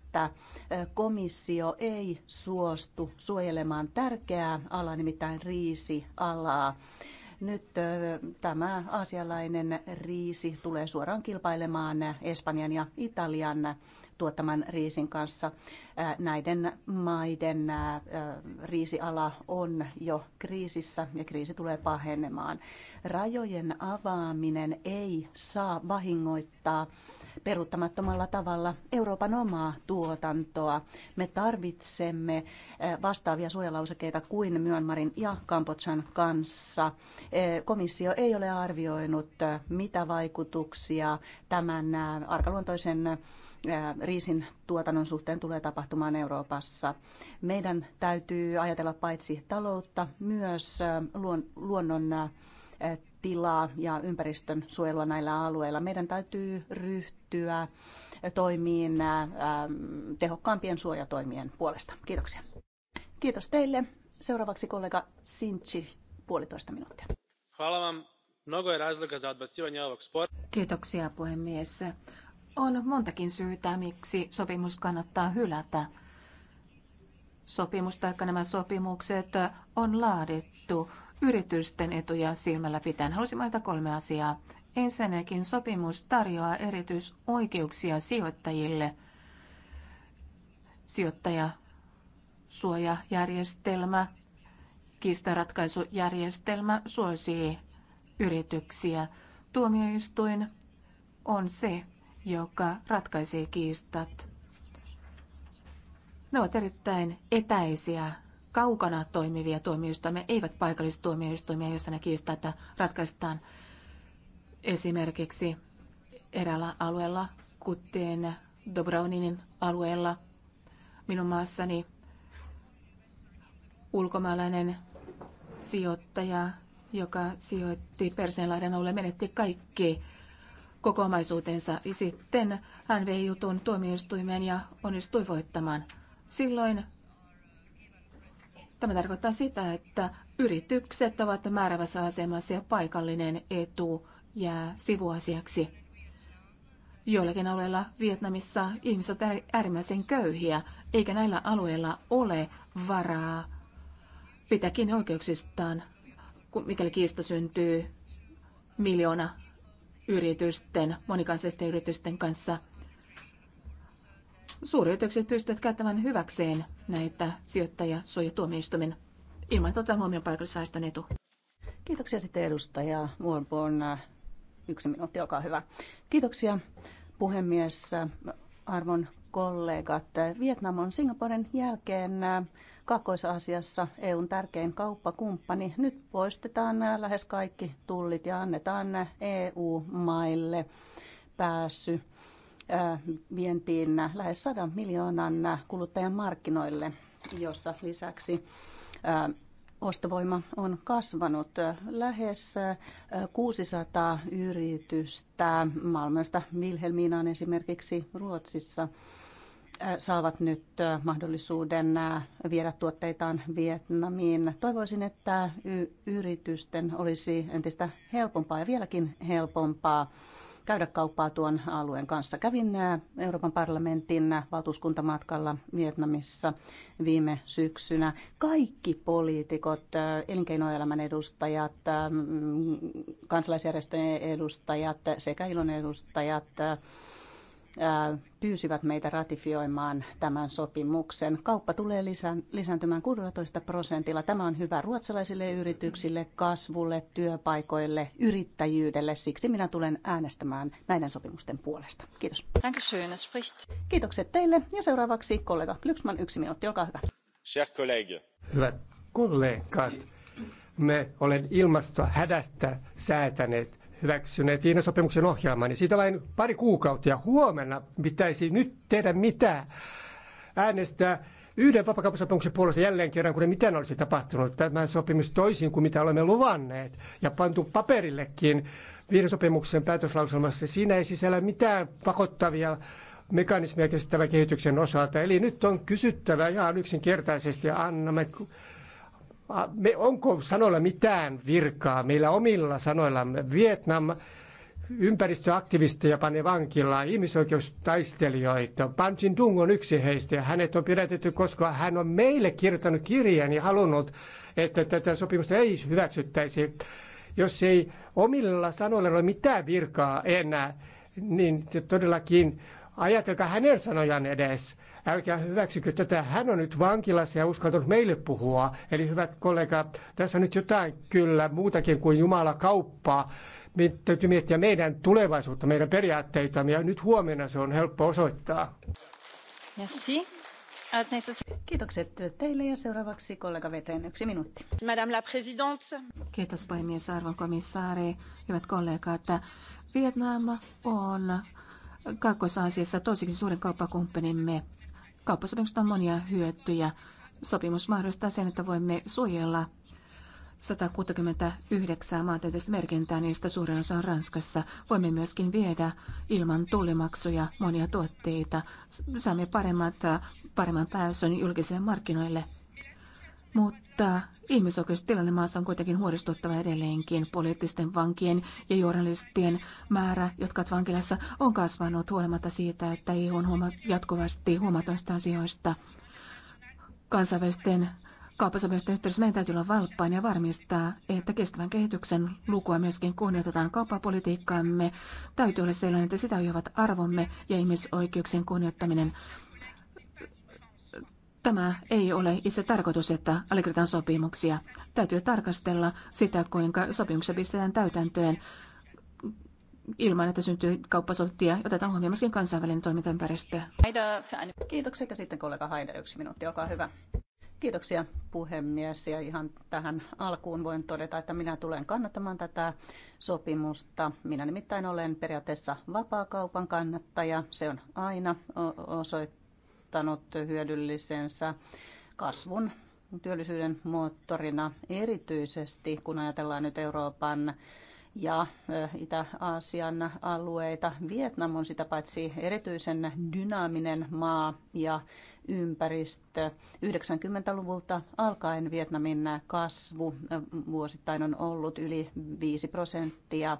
että komissio ei suostu suojelemaan tärkeää alaa, nimittäin riisialaa. Nyt tämä aasialainen riisi tulee suoraan kilpailemaan Espanjan ja Italian tuottaman riisin kanssa. Näiden maiden riisiala on jo kriisissä ja kriisi tulee pahenemaan. Rajojen avaaminen ei saa vahingoittaa peruuttamattomalla tavalla Euroopan omaa tuotantoa. Me tarvitsemme vastaavia suojalausekeita kuin Myönmarin ja Kambodžan kanssa. Komissio ei ole arvioinut, mitä vaikutuksia tämän arkaluontoisen riisin tuotannon suhteen tulee tapahtumaan Euroopassa. Meidän täytyy ajatella paitsi taloutta, myös luonnon tilaa ja ympäristön suojelua näillä alueilla. Meidän täytyy ryhtyä toimiin tehokkaampien suojatoimien puolesta. Kiitoksia. Kiitos teille. Seuraavaksi kollega Sinchi, puolitoista minuuttia. Kiitoksia puhemies. On montakin syytä, miksi sopimus kannattaa hylätä. Sopimus tai nämä sopimukset on laadittu yritysten etuja silmällä pitäen. Haluaisin mainita kolme asiaa. Ensinnäkin sopimus tarjoaa erityisoikeuksia sijoittajille. Sijoittaja suojajärjestelmä, kiistaratkaisujärjestelmä suosii yrityksiä. Tuomioistuin on se joka ratkaisee kiistat. Ne ovat erittäin etäisiä, kaukana toimivia tuomioistuimia, eivät tuomioistuimia, joissa ne kiistat ratkaistaan esimerkiksi eräällä alueella, kuten Dobrowninin alueella minun maassani ulkomaalainen sijoittaja, joka sijoitti Persianlahden alueelle, menetti kaikki Kokoomaisuutensa, omaisuutensa. Sitten hän vei jutun tuomioistuimeen ja onnistui voittamaan. Silloin tämä tarkoittaa sitä, että yritykset ovat määrävässä asemassa ja paikallinen etu jää sivuasiaksi. Joillakin alueilla Vietnamissa ihmiset ovat äärimmäisen köyhiä, eikä näillä alueilla ole varaa pitääkin oikeuksistaan, mikäli kiista syntyy miljoona yritysten, monikansallisten yritysten kanssa. Suuryritykset pystyvät käyttämään hyväkseen näitä sijoittajasuojatuomioistuimen ilman tota huomioon paikallisväestön etu. Kiitoksia sitten edustaja Vuorborn. Yksi minuutti, olkaa hyvä. Kiitoksia puhemies, arvon kollegat. Vietnam on Singaporen jälkeen Kaakkois-Aasiassa EUn tärkein kauppakumppani. Nyt poistetaan nämä lähes kaikki tullit ja annetaan EU-maille pääsy vientiin lähes 100 miljoonan kuluttajan markkinoille, jossa lisäksi ostovoima on kasvanut. Lähes 600 yritystä Malmöstä Wilhelminaan esimerkiksi Ruotsissa saavat nyt mahdollisuuden viedä tuotteitaan Vietnamiin. Toivoisin, että yritysten olisi entistä helpompaa ja vieläkin helpompaa käydä kauppaa tuon alueen kanssa. Kävin Euroopan parlamentin valtuuskuntamatkalla Vietnamissa viime syksynä. Kaikki poliitikot, elinkeinoelämän edustajat, kansalaisjärjestöjen edustajat sekä ilon edustajat pyysivät meitä ratifioimaan tämän sopimuksen. Kauppa tulee lisääntymään 16 prosentilla. Tämä on hyvä ruotsalaisille yrityksille, kasvulle, työpaikoille, yrittäjyydelle. Siksi minä tulen äänestämään näiden sopimusten puolesta. Kiitos. Kiitokset teille ja seuraavaksi kollega Glyksman, yksi minuutti, olkaa hyvä. Hyvät kollegat, me olen ilmastohädästä säätäneet hyväksyneet Viinan sopimuksen ohjelman, niin siitä vain pari kuukautta ja huomenna pitäisi nyt tehdä mitä äänestää yhden vapaakauppasopimuksen puolesta jälleen kerran, kun ei mitään olisi tapahtunut. Tämä sopimus toisin kuin mitä olemme luvanneet ja pantu paperillekin viiden sopimuksen päätöslauselmassa. Siinä ei sisällä mitään pakottavia mekanismia kestävän kehityksen osalta. Eli nyt on kysyttävä ihan yksinkertaisesti ja annamme me, onko sanoilla mitään virkaa meillä omilla sanoillamme? Vietnam ympäristöaktivisteja pane vankilaan, ihmisoikeustaistelijoita. Ban Jin-dung on yksi heistä ja hänet on pidätetty, koska hän on meille kirjoittanut kirjeen ja halunnut, että tätä sopimusta ei hyväksyttäisi. Jos ei omilla sanoilla ole mitään virkaa enää, niin todellakin ajatelkaa hänen sanojan edes. Älkää hyväksykö tätä. Hän on nyt vankilassa ja uskaltanut meille puhua. Eli hyvät kollegat, tässä on nyt jotain kyllä muutakin kuin Jumala kauppaa. Me täytyy miettiä meidän tulevaisuutta, meidän periaatteita, ja nyt huomenna se on helppo osoittaa. Merci. Kiitokset teille ja seuraavaksi kollega Veteen yksi minuutti. Madame la présidente. Kiitos puhemies, arvon komissaari, hyvät kollegat. Vietnam on Kaakkois-Aasiassa toiseksi suurin kauppakumppanimme. Kauppasopimuksesta on monia hyötyjä. Sopimus mahdollistaa sen, että voimme suojella 169 maantieteellistä merkintää, niistä suurin osa on Ranskassa. Voimme myöskin viedä ilman tullimaksuja monia tuotteita. Saamme paremmat, paremman pääsyn julkisille markkinoille – mutta ihmisoikeustilanne maassa on kuitenkin huolestuttava edelleenkin. Poliittisten vankien ja journalistien määrä, jotka ovat vankilassa, on kasvanut huolimatta siitä, että ei on huoma- jatkuvasti huomatoista asioista. Kansainvälisten kauppasopimusten yhteydessä meidän täytyy olla valppaan ja varmistaa, että kestävän kehityksen lukua myöskin kunnioitetaan kauppapolitiikkaamme. Täytyy olla sellainen, että sitä johdavat arvomme ja ihmisoikeuksien kunnioittaminen. Tämä ei ole itse tarkoitus, että allekirjoitetaan sopimuksia. Täytyy tarkastella sitä, kuinka sopimuksia pistetään täytäntöön ilman, että syntyy kauppasottia. Otetaan huomioon myöskin kansainvälinen toimintaympäristö. Kiitokset ja sitten kollega Haider, yksi minuutti, olkaa hyvä. Kiitoksia puhemies ja ihan tähän alkuun voin todeta, että minä tulen kannattamaan tätä sopimusta. Minä nimittäin olen periaatteessa vapaakaupan kannattaja. Se on aina osoittanut osoittanut hyödyllisensä kasvun työllisyyden moottorina erityisesti, kun ajatellaan nyt Euroopan ja Itä-Aasian alueita. Vietnam on sitä paitsi erityisen dynaaminen maa ja ympäristö. 90-luvulta alkaen Vietnamin kasvu vuosittain on ollut yli 5 prosenttia.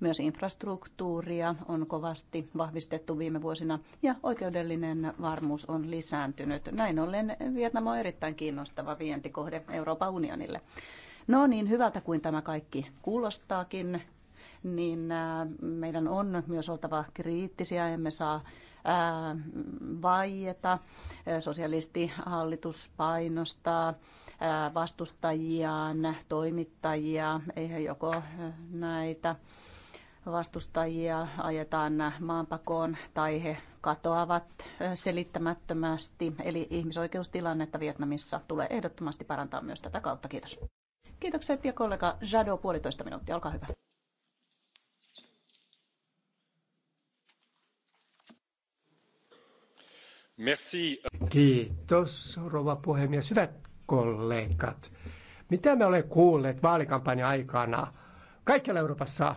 Myös infrastruktuuria on kovasti vahvistettu viime vuosina ja oikeudellinen varmuus on lisääntynyt. Näin ollen Vietnam on erittäin kiinnostava vientikohde Euroopan unionille. No niin, hyvältä kuin tämä kaikki kuulostaakin, niin äh, meidän on myös oltava kriittisiä, emme saa äh, vaieta, äh, sosialistihallitus painostaa vastustajiaan, toimittajia, joko näitä vastustajia ajetaan maanpakoon tai he katoavat selittämättömästi. Eli ihmisoikeustilannetta Vietnamissa tulee ehdottomasti parantaa myös tätä kautta. Kiitos. Kiitokset ja kollega Jado puolitoista minuuttia, olkaa hyvä. Merci. Kiitos, rouva puhemies. Hyvät kollegat, mitä me olemme kuulleet vaalikampanjan aikana kaikkialla Euroopassa,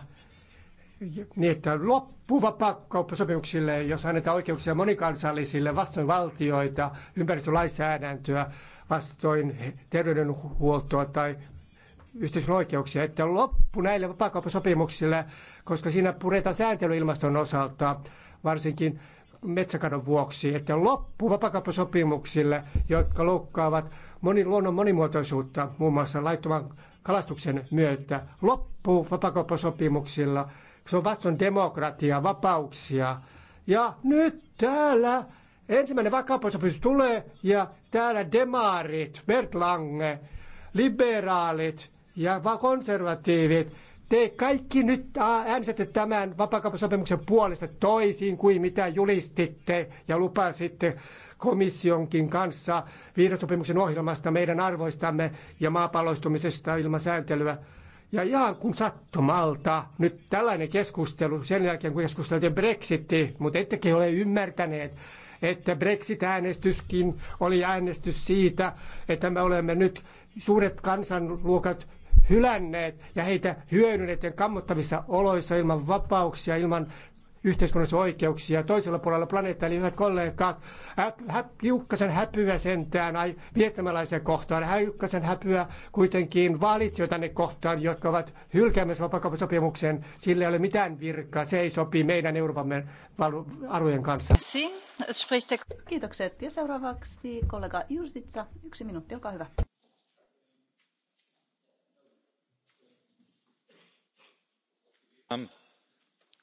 niin että loppuva vapaakauppasopimuksille, jos annetaan oikeuksia monikansallisille vastoin valtioita, ympäristölainsäädäntöä, vastoin terveydenhuoltoa tai yhteiskunnan oikeuksia, että loppu näille vapaakauppasopimuksille, koska siinä puretaan sääntely ilmaston osalta, varsinkin metsäkadon vuoksi, että loppu vapaakauppasopimuksille, jotka loukkaavat moni, luonnon monimuotoisuutta, muun muassa laittoman kalastuksen myötä, loppu vapaakauppasopimuksilla. Se on vastoin demokratiaa, vapauksia. Ja nyt täällä ensimmäinen vapaakauppasopimus tulee ja täällä demarit, Bert Lange, liberaalit ja konservatiivit, te kaikki nyt äänestätte tämän vapaakauppasopimuksen puolesta toisin kuin mitä julistitte ja lupasitte komissionkin kanssa viidasopimuksen ohjelmasta meidän arvoistamme ja maapalloistumisesta ilman sääntelyä. Ja ihan kun sattumalta nyt tällainen keskustelu sen jälkeen, kun keskusteltiin Brexitti, mutta ettekin ole ymmärtäneet, että Brexit-äänestyskin oli äänestys siitä, että me olemme nyt suuret kansanluokat hylänneet ja heitä hyödynneet kammottavissa oloissa ilman vapauksia, ilman yhteiskunnallisia oikeuksia. Toisella puolella planeetta, eli hyvät kollegat, hiukkasen häpyä sentään ai, vietnamilaisia kohtaan, hiukkasen häpyä kuitenkin valitsijoita ne kohtaan, jotka ovat hylkäämässä vapakauppasopimuksen. Sillä ei ole mitään virkaa, se ei sopi meidän Euroopamme arvojen kanssa. Kiitokset. Ja seuraavaksi kollega Jursitsa, yksi minuutti, olkaa hyvä.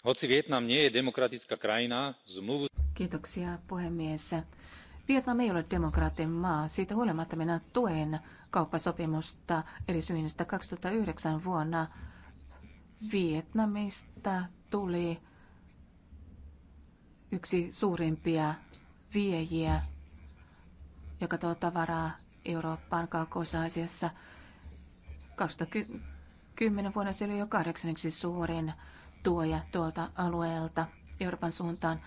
hoci Vietnam nie je demokratická krajina, zmluvu... Kiitoksia puhemies. Vietnam ei ole demokraattinen maa. Siitä huolimatta minä tuen kauppasopimusta eri syistä 2009 vuonna Vietnamista tuli yksi suurimpia viejiä, joka tuo tavaraa Eurooppaan Kaakkois-Aasiassa. 2010 Kymmenen vuonna se oli jo kahdeksanneksi suurin tuoja tuolta alueelta Euroopan suuntaan.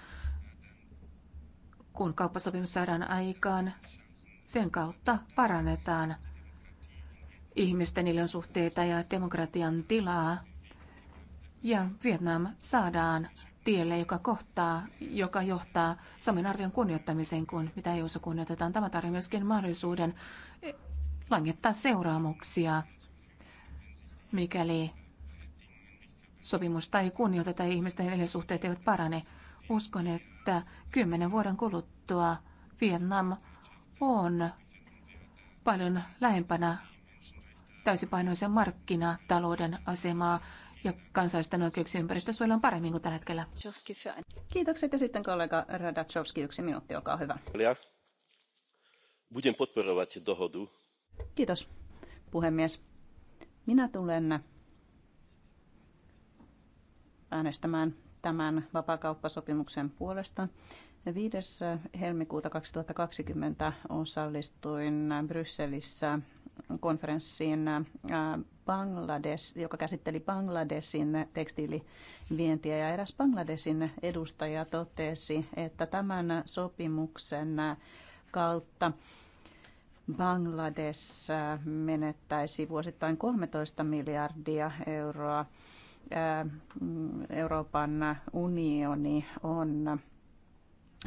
Kun kauppasopimus saadaan aikaan, sen kautta parannetaan ihmisten ilon suhteita ja demokratian tilaa. Ja Vietnam saadaan tielle, joka kohtaa, joka johtaa saman arvion kunnioittamiseen kuin mitä EU-ssa kunnioitetaan. Tämä tarjoaa myöskin mahdollisuuden langettaa seuraamuksia mikäli sopimusta ei kunnioiteta ja ihmisten elinsuhteet eivät parane. Uskon, että kymmenen vuoden kuluttua Vietnam on paljon lähempänä täysipainoisen markkinatalouden asemaa ja kansallisten oikeuksien ympäristösuojelu on paremmin kuin tällä hetkellä. Kiitokset ja sitten kollega Radatsovski, yksi minuutti, olkaa hyvä. Kiitos, puhemies. Minä tulen äänestämään tämän vapakauppasopimuksen puolesta. 5. helmikuuta 2020 osallistuin Brysselissä konferenssiin Bangladesh, joka käsitteli Bangladesin tekstiilivientiä ja eräs Bangladesin edustaja totesi, että tämän sopimuksen kautta Bangladesh äh, menettäisi vuosittain 13 miljardia euroa. Äh, mm, Euroopan unioni on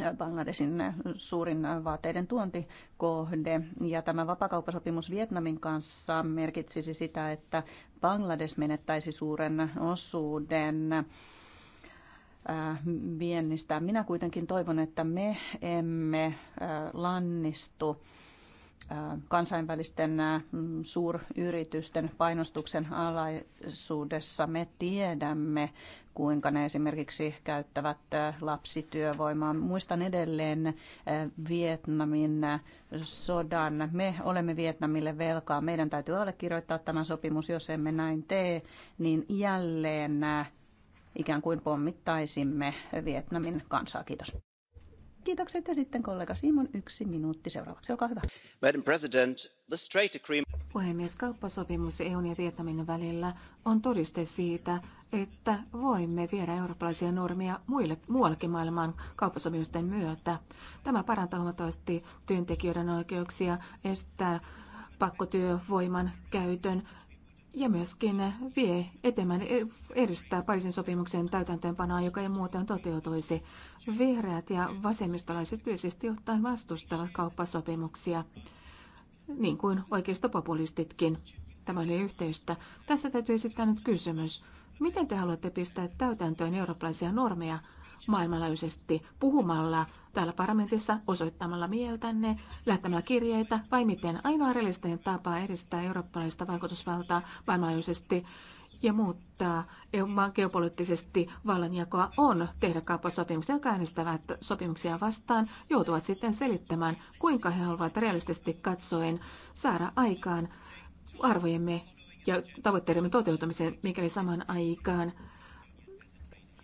äh, Bangladesin suurin vaateiden tuontikohde. Ja tämä vapakauppasopimus Vietnamin kanssa merkitsisi sitä, että Bangladesh menettäisi suuren osuuden viennistä. Minä kuitenkin toivon, että me emme lannistu kansainvälisten mm, suuryritysten painostuksen alaisuudessa me tiedämme, kuinka ne esimerkiksi käyttävät lapsityövoimaa. Muistan edelleen Vietnamin sodan. Me olemme Vietnamille velkaa. Meidän täytyy allekirjoittaa tämä sopimus. Jos emme näin tee, niin jälleen ikään kuin pommittaisimme Vietnamin kansaa. Kiitos. Kiitokset ja sitten kollega Simon yksi minuutti seuraavaksi. Olkaa hyvä. Madam President, this trade agreement... Puhemies, kauppasopimus EUn ja Vietnamin välillä on todiste siitä, että voimme viedä eurooppalaisia normeja muille, muuallekin maailmaan kauppasopimusten myötä. Tämä parantaa huomattavasti työntekijöiden oikeuksia, estää pakkotyövoiman käytön ja myöskin vie etemään, eristää Pariisin sopimuksen täytäntöönpanoa, joka ei muuten toteutuisi. Vihreät ja vasemmistolaiset yleisesti ottaen vastustavat kauppasopimuksia, niin kuin oikeistopopulistitkin. Tämä oli yhteistä. Tässä täytyy esittää nyt kysymys. Miten te haluatte pistää täytäntöön eurooppalaisia normeja maailmanlaajuisesti puhumalla täällä parlamentissa, osoittamalla mieltänne, lähettämällä kirjeitä vai miten? Ainoa realistinen tapa edistää eurooppalaista vaikutusvaltaa maailmanlaajuisesti ja muuttaa maan geopoliittisesti vallanjakoa on tehdä kauppasopimuksia, jotka äänestävät sopimuksia vastaan, joutuvat sitten selittämään, kuinka he haluavat realistisesti katsoen saada aikaan arvojemme ja tavoitteidemme toteutumisen, mikäli saman aikaan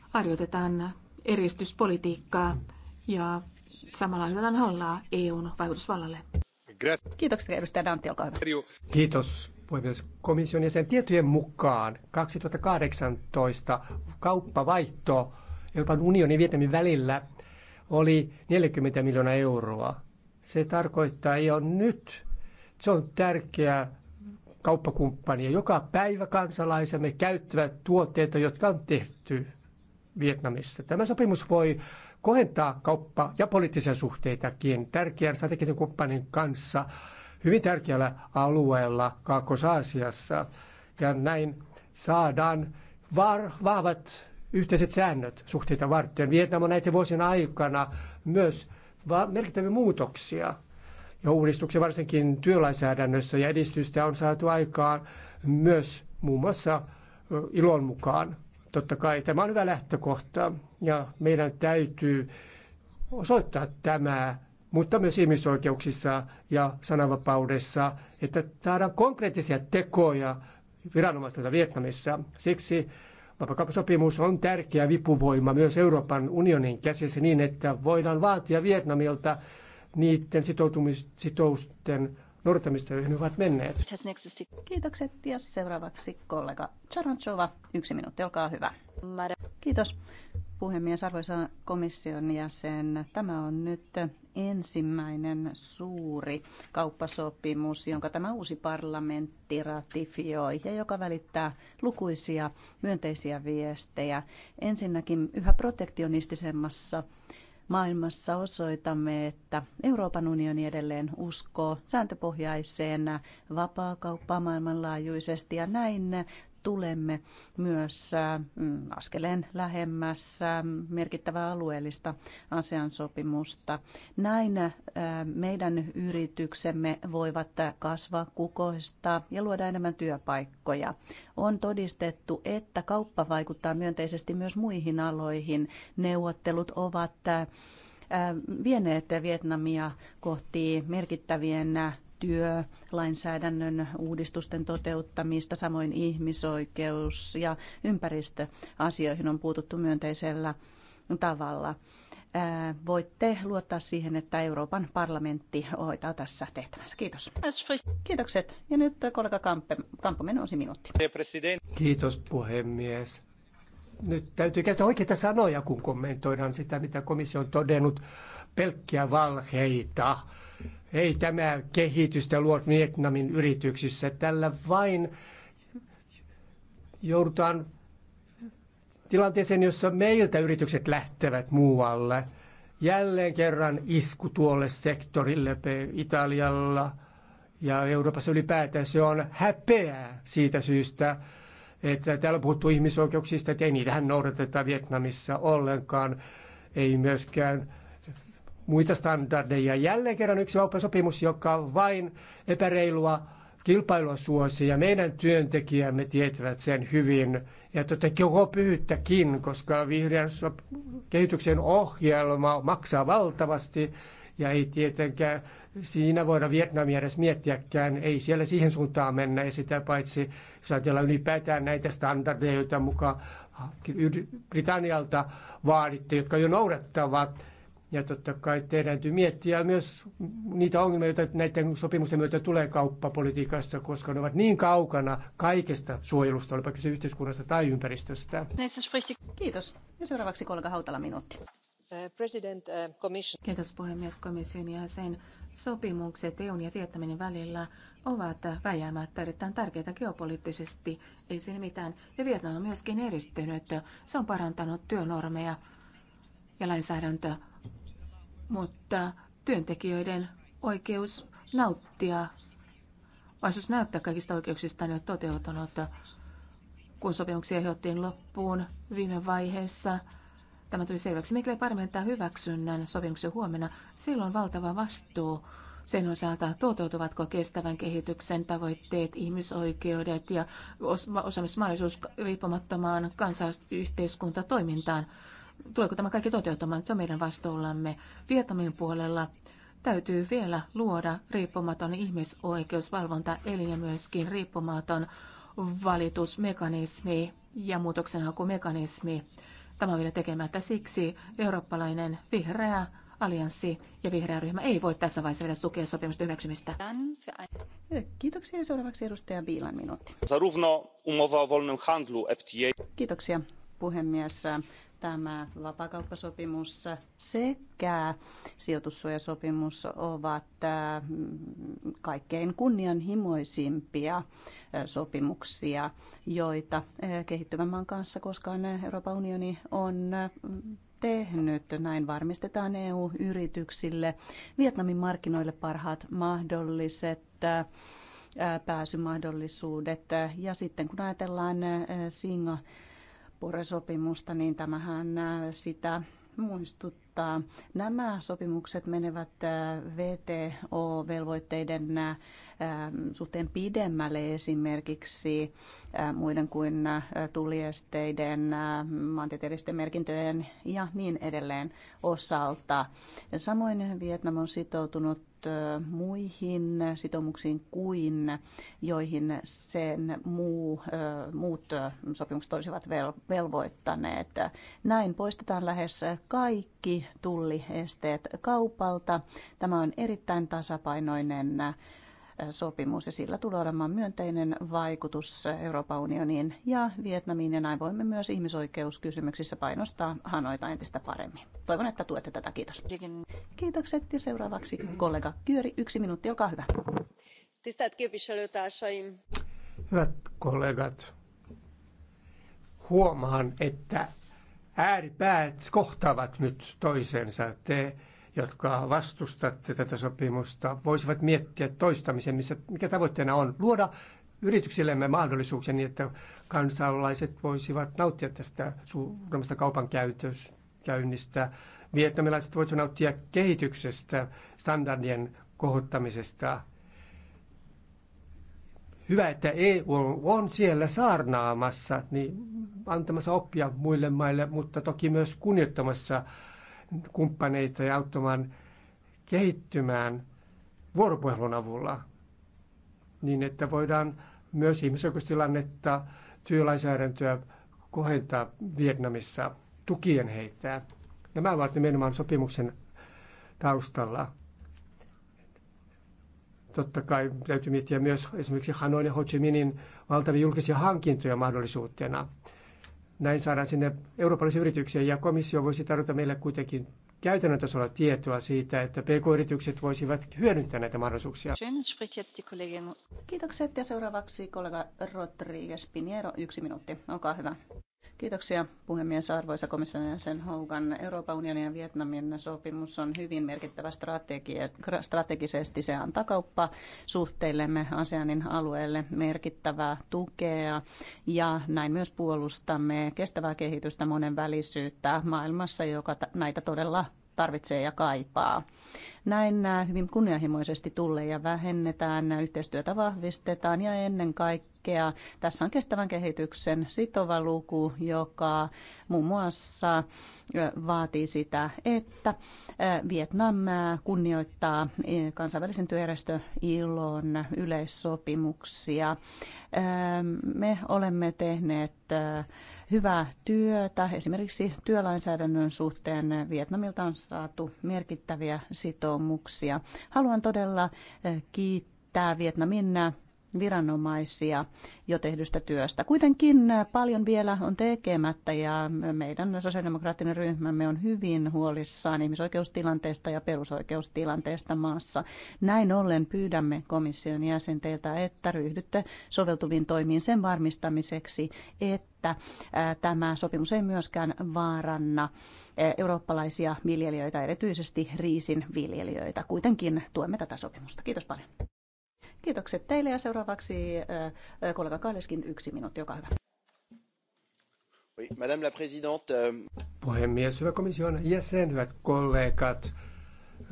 harjoitetaan eristyspolitiikkaa ja samalla hyvän hallaa EUn vaikutusvallalle. Kiitoksia edustaja Dantti, olkaa hyvä. Kiitos puhemies. Komission jäsen tietojen mukaan 2018 kauppavaihto Euroopan unionin ja Vietnamin välillä oli 40 miljoonaa euroa. Se tarkoittaa jo nyt, se on tärkeä kauppakumppani joka päivä kansalaisemme käyttävät tuotteita, jotka on tehty Vietnamissa. Tämä sopimus voi kohentaa kauppa- ja poliittisia suhteitakin tärkeän strategisen kumppanin kanssa hyvin tärkeällä alueella Kaakkois-Aasiassa. Ja näin saadaan var- vahvat yhteiset säännöt suhteita varten. Vietnam on näiden vuosien aikana myös merkittäviä muutoksia ja uudistuksia varsinkin työlainsäädännössä ja edistystä on saatu aikaan myös muun muassa ilon mukaan. Totta kai tämä on hyvä lähtökohta ja meidän täytyy osoittaa tämä, mutta myös ihmisoikeuksissa ja sananvapaudessa, että saadaan konkreettisia tekoja viranomaisilta Vietnamissa. Siksi Vapakauppasopimus on tärkeä vipuvoima myös Euroopan unionin käsissä niin, että voidaan vaatia Vietnamilta niiden sitousten noudattamista, joihin ovat menneet. Kiitokset ja seuraavaksi kollega Charanchova. Yksi minuutti, olkaa hyvä. Kiitos puhemies, arvoisa komission jäsen. Tämä on nyt ensimmäinen suuri kauppasopimus, jonka tämä uusi parlamentti ratifioi ja joka välittää lukuisia myönteisiä viestejä. Ensinnäkin yhä protektionistisemmassa maailmassa osoitamme, että Euroopan unioni edelleen uskoo sääntöpohjaiseen vapaakauppaan maailmanlaajuisesti ja näin tulemme myös mm, askeleen lähemmäs merkittävää alueellista ASEAN-sopimusta. Näin äh, meidän yrityksemme voivat kasvaa, kukoista ja luoda enemmän työpaikkoja. On todistettu, että kauppa vaikuttaa myönteisesti myös muihin aloihin. Neuvottelut ovat äh, vieneet Vietnamia kohti merkittävien työ, lainsäädännön uudistusten toteuttamista, samoin ihmisoikeus- ja ympäristöasioihin on puututtu myönteisellä tavalla. Voitte luottaa siihen, että Euroopan parlamentti hoitaa tässä tehtävänsä. Kiitos. Kiitokset. Ja nyt kollega Kamppe, Kampo, minuusi minuutti. Kiitos puhemies. Nyt täytyy käyttää oikeita sanoja, kun kommentoidaan sitä, mitä komissio on todennut. Pelkkiä valheita. Ei tämä kehitystä luo Vietnamin yrityksissä. Tällä vain joudutaan tilanteeseen, jossa meiltä yritykset lähtevät muualle. Jälleen kerran isku tuolle sektorille Italialla ja Euroopassa ylipäätään. Se on häpeää siitä syystä, että täällä on puhuttu ihmisoikeuksista, että ei niitähän noudateta Vietnamissa ollenkaan. Ei myöskään muita standardeja. Jälleen kerran yksi vauppasopimus, joka vain epäreilua kilpailua suosii ja meidän työntekijämme tietävät sen hyvin. Ja totta koko pyhyttäkin, koska vihreän kehityksen ohjelma maksaa valtavasti ja ei tietenkään siinä voida Vietnamia edes miettiäkään, ei siellä siihen suuntaan mennä ja sitä paitsi, jos ajatellaan ylipäätään näitä standardeja, joita mukaan Britannialta vaaditte, jotka jo noudattavat ja totta kai teidän täytyy miettiä myös niitä ongelmia, joita näiden sopimusten myötä tulee kauppapolitiikassa, koska ne ovat niin kaukana kaikesta suojelusta, olipa kyse yhteiskunnasta tai ympäristöstä. Kiitos. Ja seuraavaksi kollega Hautala minuutti. President, uh, commission. Kiitos puhemies komission jäsen. Sopimukset EUn ja Vietnamin välillä ovat väjäämättä erittäin tärkeitä geopoliittisesti, ei siinä mitään. Ja Vietnam on myöskin eristynyt. Se on parantanut työnormeja ja lainsäädäntöä mutta työntekijöiden oikeus nauttia, mahdollisuus näyttää kaikista oikeuksista on jo toteutunut. Kun sopimuksia ehdottiin loppuun viime vaiheessa, tämä tuli selväksi. Mikäli parmentaa hyväksynnän sopimuksen huomenna, silloin valtava vastuu sen osalta, toteutuvatko kestävän kehityksen tavoitteet, ihmisoikeudet ja osaamismahdollisuus riippumattomaan kansalaisyhteiskuntatoimintaan. toimintaan tuleeko tämä kaikki toteutumaan, se on meidän vastuullamme. Vietnamin puolella täytyy vielä luoda riippumaton ihmisoikeusvalvontaelin ja myöskin riippumaton valitusmekanismi ja muutoksenhakumekanismi. Tämä on vielä tekemättä siksi eurooppalainen vihreä allianssi ja vihreä ryhmä ei voi tässä vaiheessa vielä tukea sopimusta hyväksymistä. Kiitoksia. Seuraavaksi edustaja Biilan minuutti. Kiitoksia puhemies tämä vapakauppasopimus sekä sijoitussuojasopimus ovat äh, kaikkein kunnianhimoisimpia äh, sopimuksia, joita äh, kehittyvän maan kanssa koskaan Euroopan unioni on tehnyt. Näin varmistetaan EU-yrityksille Vietnamin markkinoille parhaat mahdolliset pääsymahdollisuudet. Ja sitten kun ajatellaan Singa, puresopimusta, niin tämähän äh, sitä muistuttaa. Nämä sopimukset menevät äh, VTO-velvoitteiden äh, suhteen pidemmälle esimerkiksi muiden kuin tuliesteiden, maantieteellisten merkintöjen ja niin edelleen osalta. Samoin Vietnam on sitoutunut muihin sitoumuksiin kuin joihin sen muu, muut sopimukset olisivat velvoittaneet. Näin poistetaan lähes kaikki tulliesteet kaupalta. Tämä on erittäin tasapainoinen sopimus ja sillä tulee olemaan myönteinen vaikutus Euroopan unioniin ja Vietnamiin ja näin voimme myös ihmisoikeuskysymyksissä painostaa Hanoita entistä paremmin. Toivon, että tuette tätä. Kiitos. Kiitokset ja seuraavaksi kollega Kyöri. Yksi minuutti, olkaa hyvä. Hyvät kollegat, huomaan, että ääripäät kohtaavat nyt toisensa. Te jotka vastustatte tätä sopimusta, voisivat miettiä toistamisen, missä, mikä tavoitteena on luoda yrityksillemme mahdollisuuksia niin, että kansalaiset voisivat nauttia tästä suuremmasta kaupankäynnistä. Vietnamilaiset voisivat nauttia kehityksestä, standardien kohottamisesta. Hyvä, että EU on siellä saarnaamassa, niin antamassa oppia muille maille, mutta toki myös kunnioittamassa kumppaneita ja auttamaan kehittymään vuoropuhelun avulla, niin että voidaan myös ihmisoikeustilannetta, työlainsäädäntöä kohentaa Vietnamissa tukien heitä. Nämä ovat nimenomaan sopimuksen taustalla. Totta kai täytyy miettiä myös esimerkiksi Hanoin ja Ho Chi Minhin valtavia julkisia hankintoja mahdollisuutena – näin saadaan sinne eurooppalaisia yrityksiä ja komissio voisi tarjota meille kuitenkin käytännön tasolla tietoa siitä, että PK-yritykset voisivat hyödyntää näitä mahdollisuuksia. Kiitokset ja seuraavaksi kollega Rodriguez Piniero, yksi minuutti. Olkaa hyvä. Kiitoksia puhemies arvoisa komissaari Sen Hogan. Euroopan unionin ja Vietnamin sopimus on hyvin merkittävä strategia, strategisesti. Se antaa kauppa suhteillemme ASEANin alueelle merkittävää tukea ja näin myös puolustamme kestävää kehitystä monen välisyyttä maailmassa, joka näitä todella tarvitsee ja kaipaa. Näin äh, hyvin kunnianhimoisesti ja vähennetään, äh, yhteistyötä vahvistetaan ja ennen kaikkea tässä on kestävän kehityksen sitova luku, joka muun muassa äh, vaatii sitä, että Vietnam kunnioittaa kansainvälisen työjärjestö ILOn yleissopimuksia. Ähm, me olemme tehneet hyvää työtä. Esimerkiksi työlainsäädännön suhteen Vietnamilta on saatu merkittäviä sitoumuksia sitoumuksia. Haluan todella eh, kiittää Vietnamin eh, viranomaisia jo tehdystä työstä. Kuitenkin eh, paljon vielä on tekemättä ja meidän sosiaalidemokraattinen ryhmämme on hyvin huolissaan ihmisoikeustilanteesta ja perusoikeustilanteesta maassa. Näin ollen pyydämme komission jäsenteiltä, että ryhdytte soveltuviin toimiin sen varmistamiseksi, että tämä sopimus ei myöskään vaaranna Eh, eurooppalaisia viljelijöitä, erityisesti riisin viljelijöitä. Kuitenkin tuemme tätä sopimusta. Kiitos paljon. Kiitokset teille ja seuraavaksi eh, kollega Kaleskin yksi minuutti, olkaa hyvä. Madame la Présidente. Euh, Puhemies, hyvä komission jäsen, hyvät kollegat.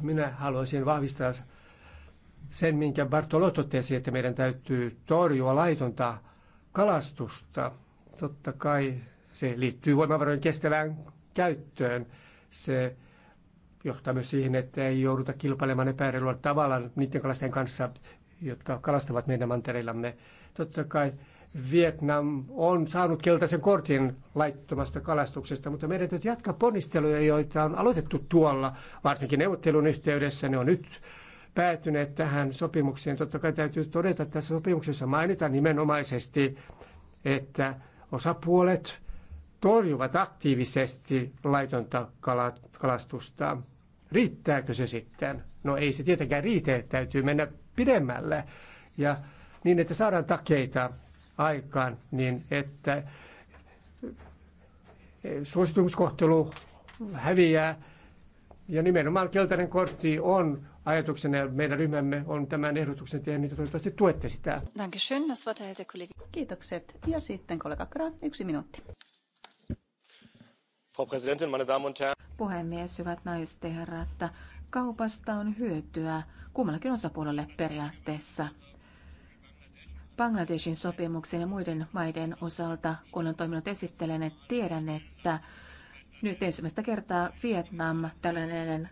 Minä haluaisin vahvistaa sen, minkä Bartolo totesi, että meidän täytyy torjua laitonta kalastusta. Totta kai se liittyy voimavarojen kestävään käyttöön. Se johtaa myös siihen, että ei jouduta kilpailemaan epäreilulla tavalla niiden kalastajien kanssa, jotka kalastavat meidän mantereillamme. Totta kai Vietnam on saanut keltaisen kortin laittomasta kalastuksesta, mutta meidän täytyy jatkaa ponnisteluja, joita on aloitettu tuolla, varsinkin neuvottelun yhteydessä. Ne on nyt päätyneet tähän sopimukseen. Totta kai täytyy todeta, että tässä sopimuksessa mainitaan nimenomaisesti, että osapuolet torjuvat aktiivisesti laitonta kalastusta. Riittääkö se sitten? No ei se tietenkään riitä, täytyy mennä pidemmälle. Ja niin, että saadaan takeita aikaan, niin että eh, suosituskohtelu häviää. Ja nimenomaan keltainen kortti on ajatuksena ja meidän ryhmämme on tämän ehdotuksen tehnyt ja niin toivottavasti tuette sitä. Kiitokset. Ja sitten kollega Kra, yksi minuutti. Puhemies, hyvät naiset ja herrat, kaupasta on hyötyä kummallakin osapuolelle periaatteessa. Bangladeshin sopimuksen ja muiden maiden osalta, kun olen toiminut esittelen, että tiedän, että nyt ensimmäistä kertaa Vietnam, tällainen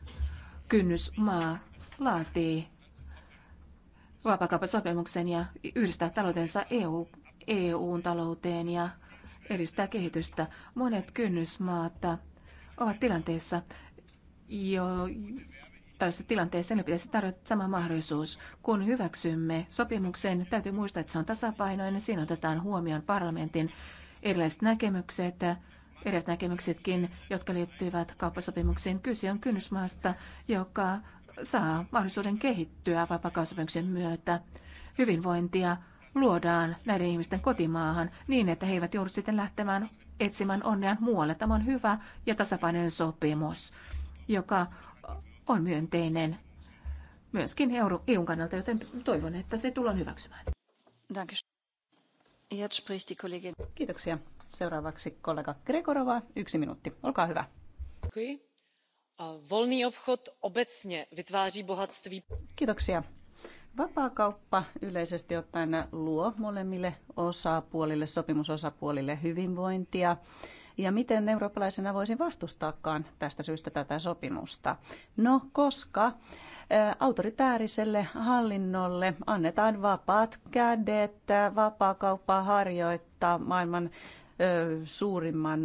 kynnysmaa, laatii vapaakauppasopimuksen ja yhdistää taloutensa EU, EUn talouteen ja edistää kehitystä. Monet kynnysmaat ovat tilanteessa, jo, tällaisessa tilanteessa ne pitäisi tarjota sama mahdollisuus. Kun hyväksymme sopimuksen, täytyy muistaa, että se on tasapainoinen. Siinä otetaan huomioon parlamentin erilaiset näkemykset, erilaiset näkemyksetkin, jotka liittyvät kauppasopimuksiin. Kyse on kynnysmaasta, joka saa mahdollisuuden kehittyä vapaakauppasopimuksen myötä hyvinvointia luodaan näiden ihmisten kotimaahan niin, että he eivät joudu sitten lähtemään etsimään onneaan muualle. Tämä on hyvä ja tasapainoinen sopimus, joka on myönteinen myöskin EUn kannalta, joten toivon, että se tullaan hyväksymään. Kiitoksia. Seuraavaksi kollega Gregorova, yksi minuutti. Olkaa hyvä. Kiitoksia Vapaakauppa yleisesti ottaen luo molemmille osapuolille, sopimusosapuolille hyvinvointia. Ja miten eurooppalaisena voisin vastustaakaan tästä syystä tätä sopimusta? No, koska autoritääriselle hallinnolle annetaan vapaat kädet kauppaa harjoittaa maailman suurimman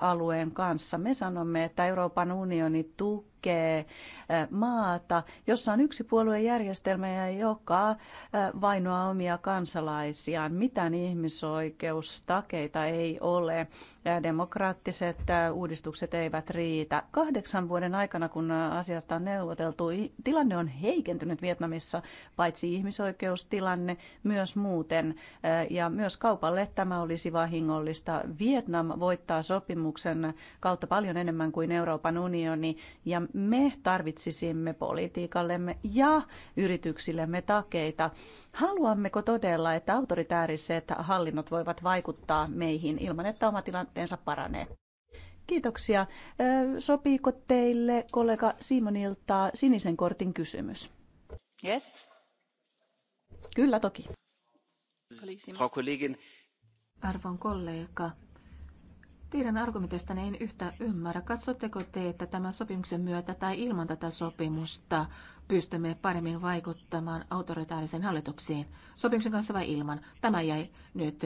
alueen kanssa. Me sanomme, että Euroopan unioni tukee tukee maata, jossa on yksi puoluejärjestelmä ja joka vainoaa omia kansalaisiaan. Mitään ihmisoikeustakeita ei ole demokraattiset äh, uudistukset eivät riitä. Kahdeksan vuoden aikana, kun asiasta on neuvoteltu, tilanne on heikentynyt Vietnamissa, paitsi ihmisoikeustilanne, myös muuten. Äh, ja myös kaupalle tämä olisi vahingollista. Vietnam voittaa sopimuksen kautta paljon enemmän kuin Euroopan unioni, ja me tarvitsisimme politiikallemme ja yrityksillemme takeita. Haluammeko todella, että autoritääriset hallinnot voivat vaikuttaa meihin ilman, että oma tilanne tilanteensa paranee. Kiitoksia. Sopiiko teille kollega Simonilta sinisen kortin kysymys? Yes. Kyllä toki. Frau Kollegin. Arvon kollega, teidän argumentista en yhtä ymmärrä. Katsotteko te, että tämän sopimuksen myötä tai ilman tätä sopimusta pystymme paremmin vaikuttamaan autoritaarisen hallituksiin? Sopimuksen kanssa vai ilman? Tämä jäi nyt